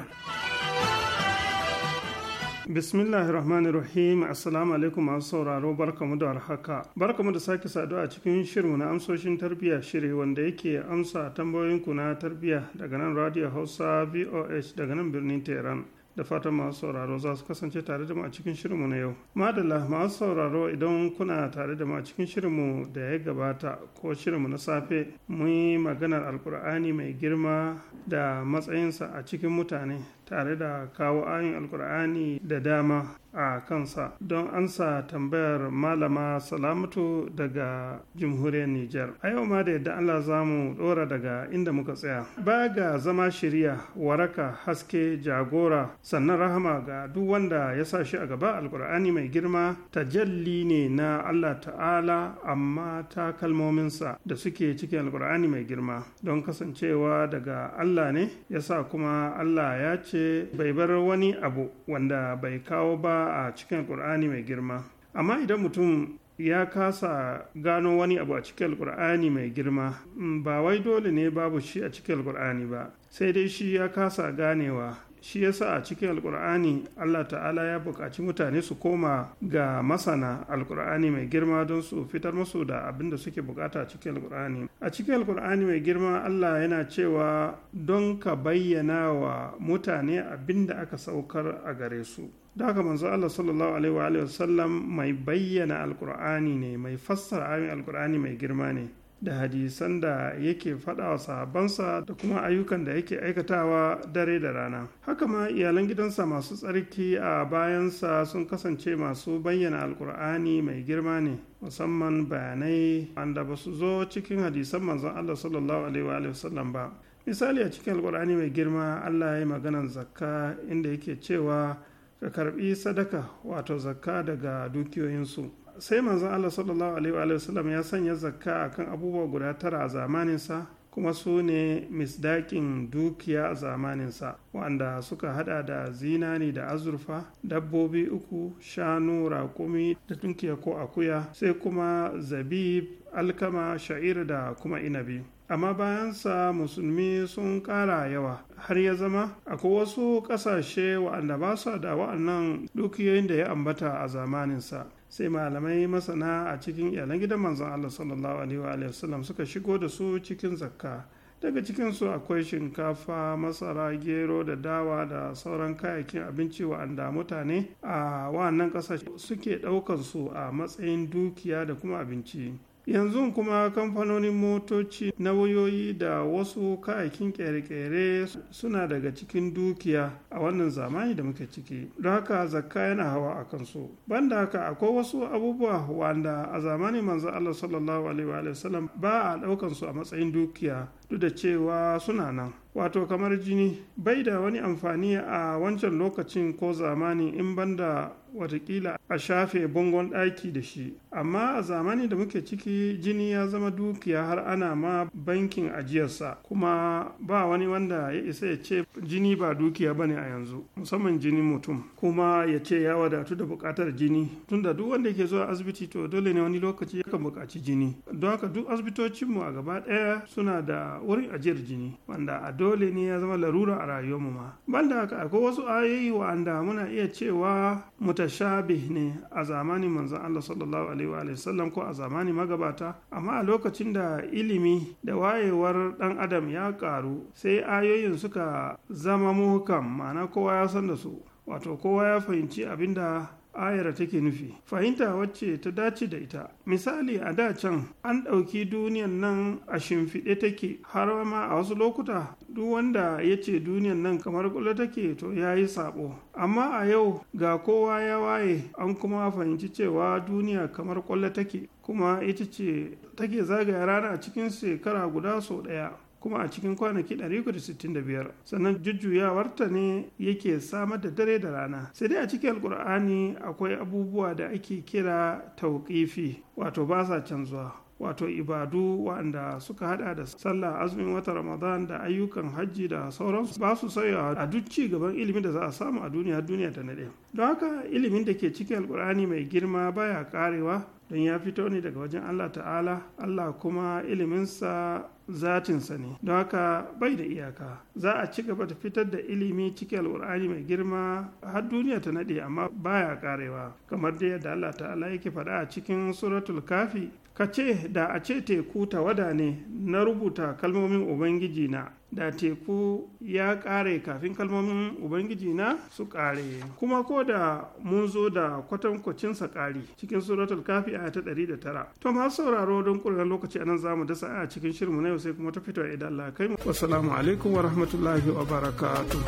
bismillahir rahmanir rahim assalamu alaikum masu sauraro barkamu da warhaka barkamu da sake saduwa a cikin shirin na amsoshin tarbiyya shiri wanda yake amsa tambayoyinku na tarbiyya daga nan radio hausa voh daga nan birnin tehran da fatan masu sauraro za su kasance tare da mu a cikin shirinmu na yau madalla masu sauraro idan kuna tare da mu a cikin shirinmu da ya gabata ko shirinmu na safe mun yi maganar alkur'ani mai girma da matsayinsa a cikin mutane tare da kawo ayin alkur'ani da dama a kansa don ansa tambayar malama salamatu daga jamhuriyar Nijar. A yau ma da yadda Allah za mu ɗora daga inda muka tsaya. Ba ga zama shirya, waraka, haske, jagora, sannan rahama ga duk wanda ya sa shi a gaba alkur'ani mai girma tajalli ne na Allah ta'ala amma ta kalmominsa da suke cikin alkur'ani mai girma don kasancewa daga Allah ne ya sa kuma Allah ya ce ce bai bar wani abu wanda bai kawo ba a cikin ƙur'ani mai girma amma idan mutum ya kasa gano wani abu a cikin kurani mai girma mm, ba wai dole ne babu shi a cikin kurani ba sai dai shi ya kasa ganewa shi yasa a cikin alkur'ani allah ta'ala ya buƙaci mutane su koma ga masana alkur'ani mai girma don su fitar musu da abin da suke bukata a cikin alkur'ani a cikin alkur'ani mai girma allah yana cewa don ka bayyana wa mutane abin da aka saukar a gare su da haka manzo Allah sallallahu alaihi wa sallam mai bayyana alkur'ani ne mai fassara ayoyin alkur'ani mai girma ne da hadisan da yake faɗa wa sahabansa da kuma ayyukan da yake aikatawa dare da rana haka ma iyalan gidansa masu tsarki a bayansa sun kasance masu bayyana alkur'ani mai girma ne musamman bayanai wanda ba su zo cikin hadisan manzon allah sallallahu alaihi wasallam ba misali a cikin alkur'ani mai girma allah ya yi maganan zakka inda yake cewa ka karbi sadaka wato zakka daga dukiyoyinsu sai manzon Allah sallallahu alaihi sallam ya sanya zakka akan abubuwa guda tara a zamaninsa kuma su ne misdaƙin dukiya a zamaninsa wanda suka hada da zinani da azurfa dabbobi uku shanu raƙumi da tunkiya ko akuya sai kuma zabib alkama sha'ir da kuma inabi amma bayansa musulmi sun ƙara yawa har ya zama akwai wasu ƙasashe wa'anda ba su da wa'annan dukiyoyin da ya ambata a zamaninsa sai malamai masana a cikin iyalan gidan manzon Allah sallallahu alaihi wa sallam suka shigo da su cikin zakka daga cikinsu akwai shinkafa masara gero da dawa da sauran kayayyakin abinci wa'anda mutane a wa'annan ƙasashe suke su a matsayin dukiya da kuma abinci yanzu kuma kamfanonin motoci na wayoyi da wasu kayakin kere-kere suna daga cikin dukiya a wannan zamani da muke ciki don haka zakka yana hawa a kansu banda haka akwai wasu abubuwa wanda a zamanin manzo Allah sallallahu alaihi wa sallam ba a daukan su a matsayin dukiya duk da cewa suna nan wato kamar jini bai da wani amfani a wancan lokacin ko zamani in banda watakila a shafe bangon ɗaki da shi amma a zamani da muke ciki jini ya zama dukiya har ana ma bankin ajiyarsa kuma ba wani wanda ya isa ya ce jini ba dukiya ba ne a yanzu musamman jini mutum kuma ya ce ya wadatu da buƙatar jini tunda duk wanda yake zuwa asibiti to dole ne wani lokaci ya kan buƙaci jini don haka duk asibitocinmu a gaba ɗaya suna da wurin ajiyar jini wanda a dole ne ya zama larura a rayuwarmu ma banda haka akwai wasu ayoyi wa'anda muna iya cewa mutum mutashabih ne a zamani manzon Allah sallallahu alaihi wa sallam ko a zamani magabata amma a lokacin da ilimi da wayewar dan adam ya karu sai ayoyin suka zama muhkam ma'ana kowa ya san da su wato kowa ya fahimci abinda ayar take nufi fahimta wacce ta dace da ita misali a da can an ɗauki duniyan nan a shimfiɗe take har ma a wasu lokuta duk wanda ya ce duniyan nan kamar kula take to ya yi sabo amma a yau ga kowa ya waye an kuma fahimci cewa duniya kamar kwallo take kuma ita ce take zagaya rana a cikin shekara guda sau ɗaya kuma a cikin kwanaki 365 sannan jujjuyawarta ne yake samar da dare da rana sai dai a cikin alkur'ani akwai abubuwa da ake kira tauƙifi wato ba sa canzuwa wato ibadu waɗanda suka hada da sallah azumin wata ramadan da ayyukan hajji da sauransu ba su sauyawa a duk ci gaban ilimin da za a samu a duniya duniya ta naɗe don haka ilimin da ke cikin alkur'ani mai girma baya karewa don ya fito ne daga wajen allah ta'ala allah kuma iliminsa zatinsa ne don haka bai da iyaka za a ci gaba da fitar da ilimi cikin alkur'ani mai girma har duniya ta nade amma baya karewa kamar dai yadda Allah ta'ala yake faɗa a cikin suratul kafi ka ce da a ce teku tawada ne na rubuta kalmomin ubangiji na da teku ya kare kafin kalmomin ubangiji na su ƙare kuma ko da mun zo da kwatankwacin sa ƙari cikin suratul kafi a ta ɗari da tara to masu sauraro don ƙuran lokaci a nan za mu dasa a cikin shirmu na yau sai kuma ta fito idan Allah kai mu assalamu alaikum wa rahmatullahi wa barakatuh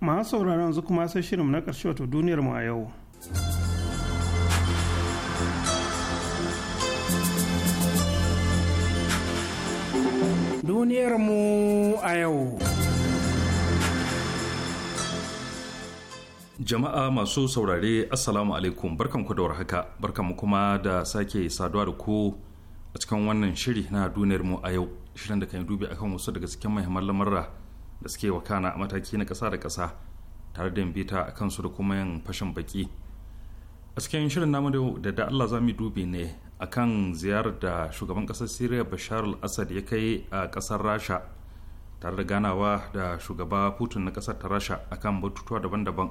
masu sauraron yanzu kuma sai shirin na karshe wato duniyar mu a yau Duniyarmu a yau. Jama'a masu saurare Assalamu alaikum barkanku da warhaka barkanmu kuma da sake saduwa da ku a cikin wannan shiri na duniyarmu a yau shirin da kan yi dubi akan wasu daga cikin muhimman lamarra da suke wakana a mataki na ƙasa da kasa tare da bita a kansu da kuma yin fashin baki a cikin shirin namu da da Allah za mu dubi ne akan ziyarar da shugaban kasar Siriya Bashar al-Assad ya kai a kasar Rasha tare da ganawa da shugaba Putin na kasar ta Rasha akan batutuwa daban-daban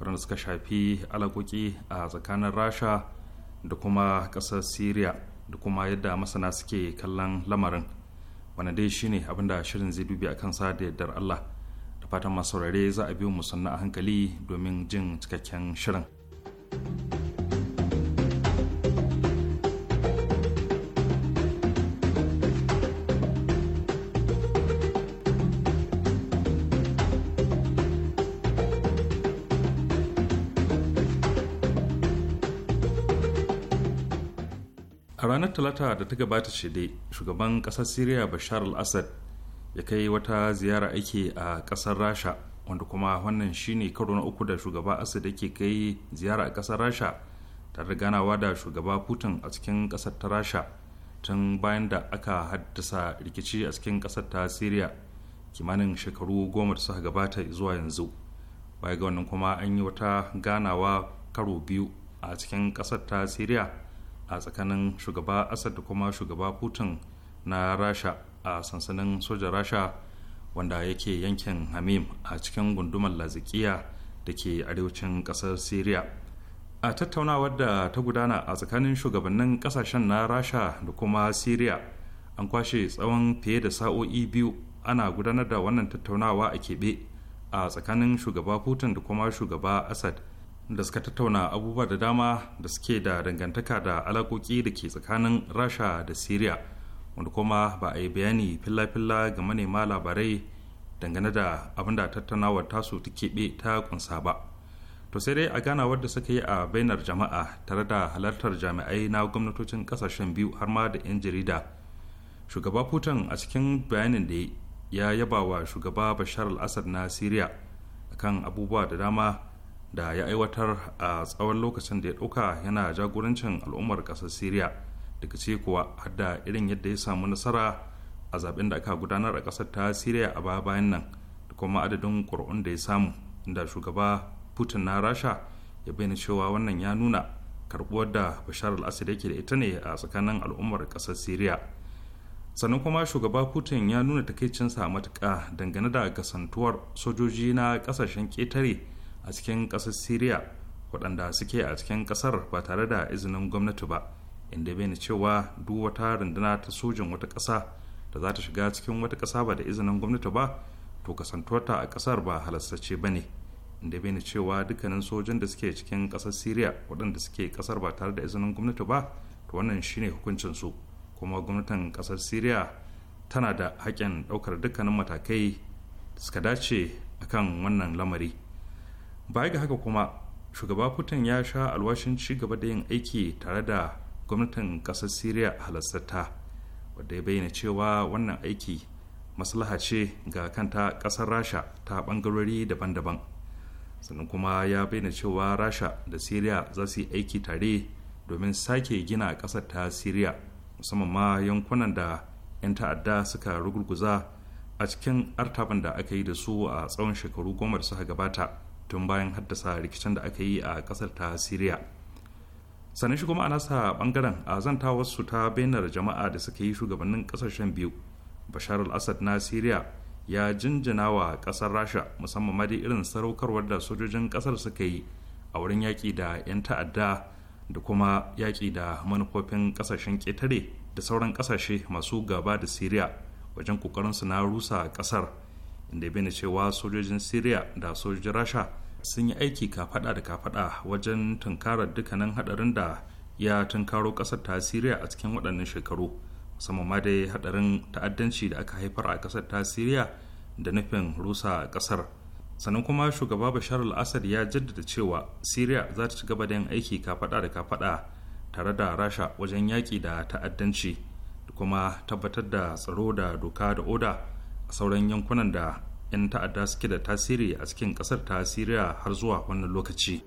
waɗanda suka shafi alaƙoƙi a tsakanin Rasha da kuma kasar Siriya da kuma yadda masana suke kallon lamarin Wani dai shine abin da shirin zai dubi akan sa da yardar Allah da fatan masu za a biyo mu a hankali domin jin cikakken shirin. a ranar talata da ta gabata ce shugaban kasar syria bashar al-assad ya kai wata ziyara aiki a kasar rasha wanda kuma wannan shine karo na uku da shugaba da ke kai ziyara a ƙasar rasha tare da ganawa da shugaba putin a cikin kasar ta rasha tun bayan da aka haddasa rikici a cikin kasar ta syria kimanin shekaru goma da suka gabata zuwa yanzu baya ga wannan kuma an yi wata ganawa karo biyu a cikin kasar ta syria a tsakanin shugaba asad da kuma shugaba putin na rasha a sansanin sojan rasha wanda yake yankin hamim a cikin gundumar lazikiya da ke arewacin ƙasar syria a tattaunawar da ta gudana a tsakanin shugabannin ƙasashen na rasha da kuma syria an kwashe tsawon fiye da sa'o'i biyu ana gudanar da wannan tattaunawa a keɓe a tsakanin shugaba putin da kuma shugaba assad da suka tattauna abubuwa da dama da suke da dangantaka da alaƙoƙi da ke tsakanin rasha da syria wanda kuma ba a yi bayani filla-filla ga manema labarai dangane da abin da tattaunawar tasu ta keɓe ta kunsa ba to sai dai a gana wadda suka yi a bainar jama'a tare da halartar jami'ai na gwamnatocin kasashen biyu har ma da 'yan jarida shugaba putin a cikin bayanin da ya yaba wa shugaba bashar al-assad na syria akan abubuwa da dama da ya aiwatar a tsawon lokacin da ya ɗauka yana jagorancin al'ummar ƙasar syria daga ce kuwa hadda irin yadda ya samu nasara a zaben da aka gudanar a ƙasar ta siriya a baya bayan nan da kuma adadin ƙuri'un da ya samu inda shugaba putin na rasha ya bayyana cewa wannan ya nuna karbuwar da bashar al-assad yake da ita ne a tsakanin al'ummar ƙasar siriya sannan kuma shugaba putin ya nuna takaicinsa matuƙa dangane da kasantuwar sojoji na ƙasashen ƙetare a cikin kasar siriya waɗanda suke a cikin ƙasar ba tare da izinin gwamnati ba inda bai cewa duk wata runduna ta sojin wata ƙasa da za ta shiga cikin wata ƙasa ba da izinin gwamnati ba to kasantuwarta a ƙasar ba halastace ba ne inda bai cewa dukkanin sojin da suke cikin ƙasar syria waɗanda suke ƙasar ba tare da izinin gwamnati ba to wannan shine hukuncin su kuma gwamnatin ƙasar syria tana da haƙƙin ɗaukar dukkanin matakai suka dace akan wannan lamari baya ga haka kuma shugaba putin ya sha alwashin ci gaba da yin aiki tare da gwamnatin ƙasar syria a ta wadda ya bayyana cewa wannan aiki maslaha ce ga kanta ƙasar rasha ta bangarori daban-daban sannan kuma ya bayyana cewa rasha da syria za su yi aiki tare domin sake gina ƙasar ta syria musamman ma yankunan da 'yan ta'adda suka rugurguza a cikin artaban da aka yi da su a tsawon shekaru goma da suka gabata tun bayan haddasa rikicin da aka yi a ƙasar ta syria sannan shi kuma a nasa bangaren a wasu ta bainar jama'a da suka yi shugabannin kasashen biyu bashar al-assad na syria ya jinjina wa kasar rasha musamman ma dai irin saraukarwar da sojojin kasar suka yi a wurin yaƙi da 'yan ta'adda da kuma yaƙi da manufofin kasashen ƙetare da sauran kasashe masu gaba da syria wajen su na rusa kasar inda bai cewa sojojin syria da sojojin rasha sun yi aiki kafada da kafada wajen tunkarar dukkanin hadarin da ya tunkaro kasar tasiriya a cikin waɗannan shekaru musamman ma dai hadarin ta'addanci da aka haifar a kasar tasiriya da nufin rusa a kasar sannan kuma shugaba bashar al-assad ya jaddada cewa siriya za ta ci gaba da yin aiki kafada da kafada tare da rasha wajen yaƙi da ta'addanci da kuma tabbatar da tsaro da doka da oda a sauran yankunan da 'yan ta'adda suke da tasiri a cikin ƙasar ta siriya har zuwa wannan lokaci.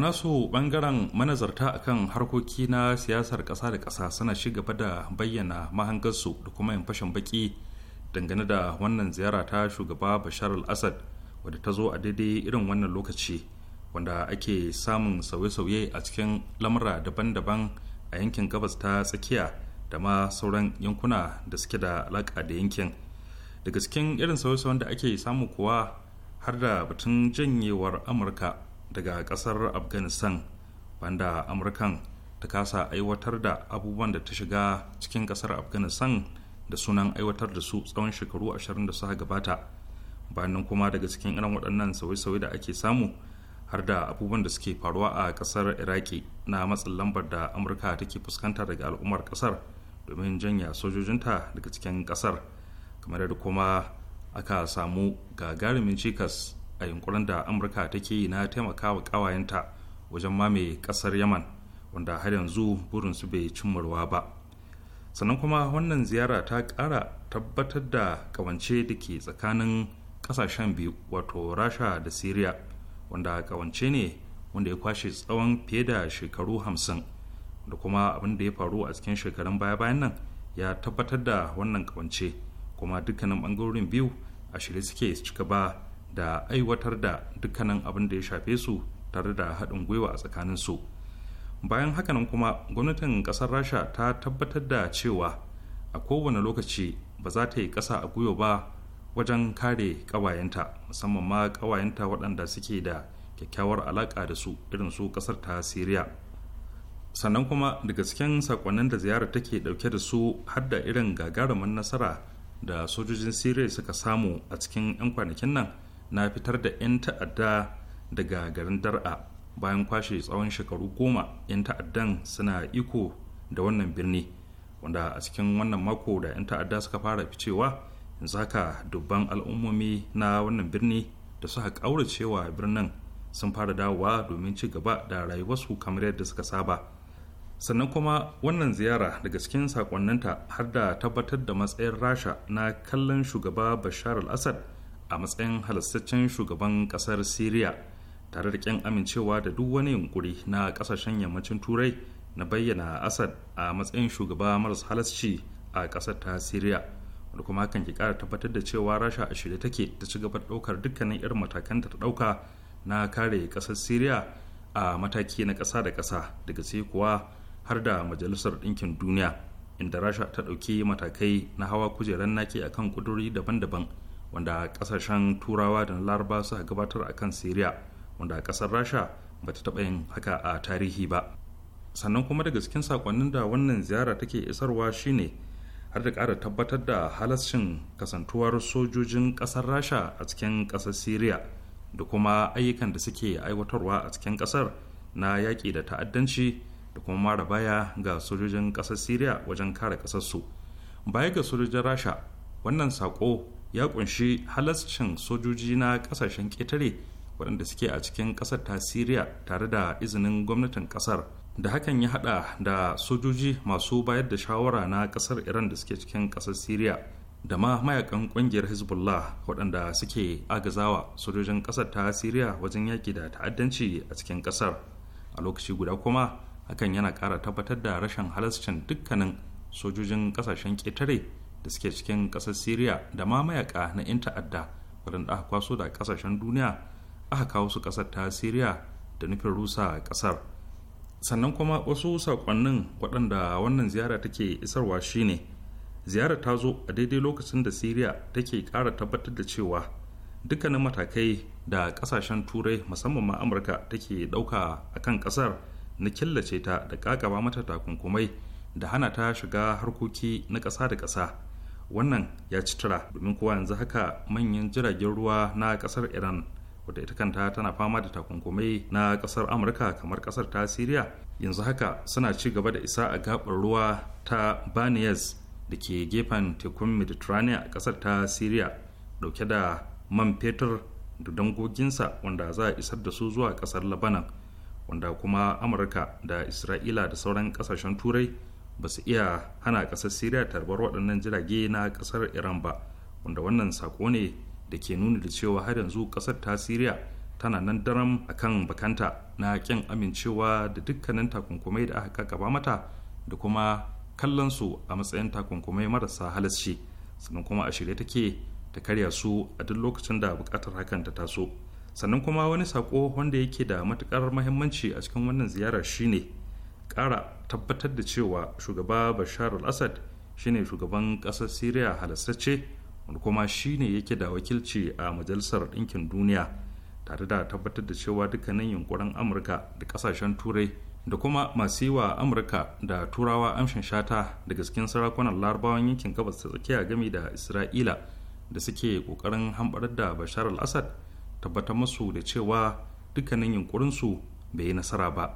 nasu bangaren manazarta akan harkoki na siyasar ƙasa da ƙasa suna ci gaba da bayyana mahangarsu da kuma yin fashin baki dangane da wannan ziyara ta shugaba bashar al-assad wadda ta zo a daidai irin wannan lokaci wanda ake samun sauye-sauye a cikin lamura daban-daban a yankin gabas ta tsakiya da ma sauran yankuna da suke da alaƙa da yankin daga cikin irin sauye-sauyen da ake samu kuwa har da batun janyewar amurka daga kasar afghanistan banda amurkan ta kasa aiwatar da abubuwan da ta shiga cikin kasar afghanistan da sunan aiwatar da su tsawon shekaru 20 da suka gabata bayan kuma daga cikin irin waɗannan sauye-sauye da ake samu har da abubuwan da suke faruwa a kasar iraki na matsin lambar da amurka take fuskanta daga al'ummar kasar domin janya sojojinta daga cikin kasar kamar da kuma aka samu gagarumin cikas a yunkurin da amurka take yi na taimakawa ƙawayenta wajen mame ƙasar yaman wanda har yanzu burinsu bai cimmarwa ba sannan kuma wannan ziyara ta ƙara tabbatar da kawance da ke tsakanin ƙasashen biyu wato rasha da syria wanda kawance ne wanda ya kwashe tsawon fiye da shekaru hamsin da kuma abin da ya faru a cikin shekarun baya-bayan nan ya tabbatar da wannan kawance kuma dukkanin bangarorin biyu a shirye suke cika ba da aiwatar da dukkanin abin da ya shafe su tare da haɗin gwiwa a tsakanin su bayan hakanan kuma gwamnatin ƙasar rasha ta tabbatar da cewa a kowane lokaci ba za ta yi ƙasa a gwiwa ba wajen kare ƙawayenta musamman ma ƙawayenta waɗanda suke da kyakkyawar alaƙa da su irin su ƙasar ta siriya sannan kuma daga cikin sakonnin da ziyara take ɗauke da su har da irin gagarumin nasara da sojojin siriya suka samu a cikin 'yan kwanakin nan na fitar da 'yan ta'adda daga garin dar'a bayan kwashe tsawon shekaru goma 'yan ta'addan suna iko da wannan birni wanda a cikin wannan mako da 'yan ta'adda suka fara ficewa yanzu haka dubban al'ummomi na wannan birni da suka cewa birnin sun fara dawowa domin ci gaba da rayuwarsu kamar yadda suka saba sannan kuma wannan ziyara daga cikin sakonninta har da tabbatar da matsayin rasha na kallon shugaba bashar al-assad a matsayin halastaccen shugaban kasar syria tare da kyan amincewa da duk wani yunkuri na kasashen yammacin turai na bayyana asad a matsayin shugaba maras halasci a kasar ta syria wanda kuma hakan ke kara tabbatar da cewa rasha a shirye take ta ci gaba da daukar dukkanin irin matakan da ta dauka na kare kasar syria a mataki na kasa da kasa daga sai kuwa har da majalisar ɗinkin duniya inda rasha ta ɗauki matakai na hawa kujeran naki akan kuduri daban-daban wanda kasashen turawa da laraba a gabatar a kan syria wanda kasar rasha ba ta taɓa yin haka a tarihi ba sannan kuma daga cikin sakonnin da wannan ziyara take isarwa shine har da ƙara tabbatar da halascin kasantuwar sojojin ƙasar rasha a cikin ƙasar syria da kuma ayyukan da suke aiwatarwa a cikin ƙasar na yaƙi da ta'addanci da kuma mara baya ga sojojin ƙasar syria wajen kare ƙasarsu baya ga sojojin rasha wannan saƙo ya kunshi halascin sojoji na kasashen ƙetare waɗanda suke a cikin ƙasar ta siriya tare da izinin gwamnatin ƙasar da hakan ya haɗa da sojoji masu bayar da shawara na ƙasar iran da suke cikin ƙasar siriya da ma mayakan ƙungiyar hezbollah waɗanda suke agazawa sojojin ƙasar ta siriya wajen yaƙi da ta'addanci a cikin ƙasar a lokaci guda kuma hakan yana ƙara tabbatar da rashin halascin dukkanin sojojin ƙasashen ƙetare da suke cikin ƙasar syria da ma mayaka na 'yan ta'adda waɗanda aka kwaso da ƙasashen duniya aka kawo su ƙasar ta syria da nufin rusa ƙasar sannan kuma wasu saƙonnin waɗanda wannan ziyara take isarwa shine ziyara ta zo a daidai lokacin da syria take ƙara tabbatar da cewa dukkanin matakai da ƙasashen turai musamman ma amurka take ɗauka a kan ƙasar na killace ta da ƙaƙaba mata takunkumai da hana ta shiga harkoki na ƙasa da ƙasa wannan ya ci tura domin kowa yanzu haka manyan jiragen ruwa na kasar iran wadda ita kanta tana fama da takunkumai na kasar amurka kamar kasar ta siriya yanzu haka suna ci gaba da isa a gabar ruwa ta baniyas da ke gefen tekun mediterranean a kasar ta siriya dauke da man fetur da dangoginsa wanda za a isar da su zuwa kasar labanan wanda kuma amurka da isra'ila da sauran kasashen turai ba su iya hana ƙasar syria tarbar waɗannan jirage na ƙasar iran ba wanda wannan sako ne da ke nuna da cewa har yanzu ƙasar ta syria tana nan daram a kan bakanta na ƙin amincewa da dukkanin takunkumai da aka gaba mata da kuma kallon su a matsayin takunkumai marasa halasci sannan kuma a shirye take ta karya su a duk lokacin da bukatar hakan ta taso sannan kuma wani sako wanda yake da matukar mahimmanci a cikin wannan ziyarar shine kara tabbatar da cewa shugaba bashar al-assad shine shugaban kasar syria halassace wanda kuma shine yake da wakilci a majalisar ɗinkin duniya tare da tabbatar da cewa dukkanin yunkurin amurka da kasashen turai da kuma masu yi wa amurka da turawa amshin shata da cikin sarakunan larabawan yankin gabas ta tsakiya game da isra'ila da suke kokarin hambarar da bashar al-assad tabbatar musu da cewa dukkanin yunkurinsu bai yi nasara ba.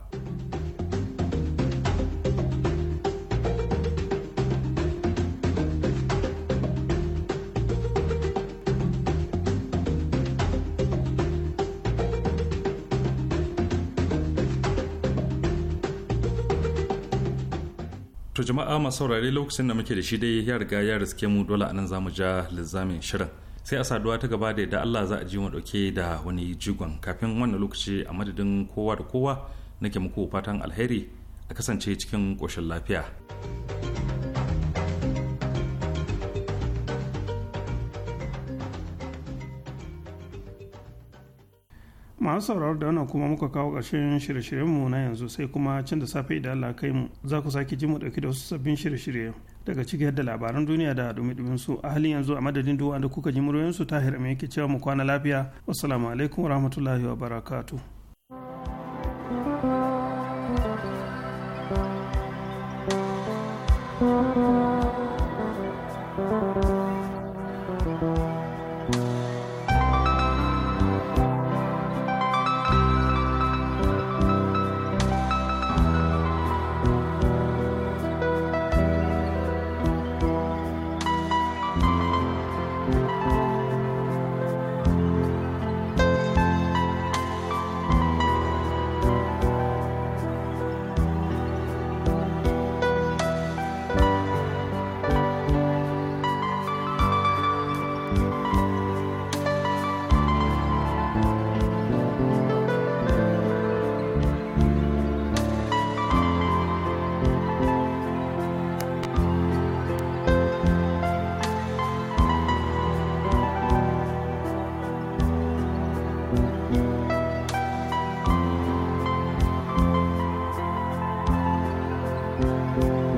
to jama'a masu saurare lokacin da muke da shi dai ya riga ya riske mu dole anan zamu ja lizamin shirin sai a saduwa ta gaba da yadda Allah za a ji mu dauke da wani jigon kafin wannan lokaci a madadin kowa da kowa nake muku fatan alheri a kasance cikin koshin lafiya. masu sauraro da wannan kuma muka kawo ƙarshen shirye-shiryenmu na yanzu sai kuma can da safe idan Allah kai mu za ku sake ji mu ɗauki da wasu sabbin shirye-shirye daga ciki da labaran duniya da dumi-dumin su a halin yanzu a madadin duwa da kuka ji muryoyin su tahir mai yake cewa mu kwana lafiya wassalamu alaikum warahmatullahi wabarakatuh Música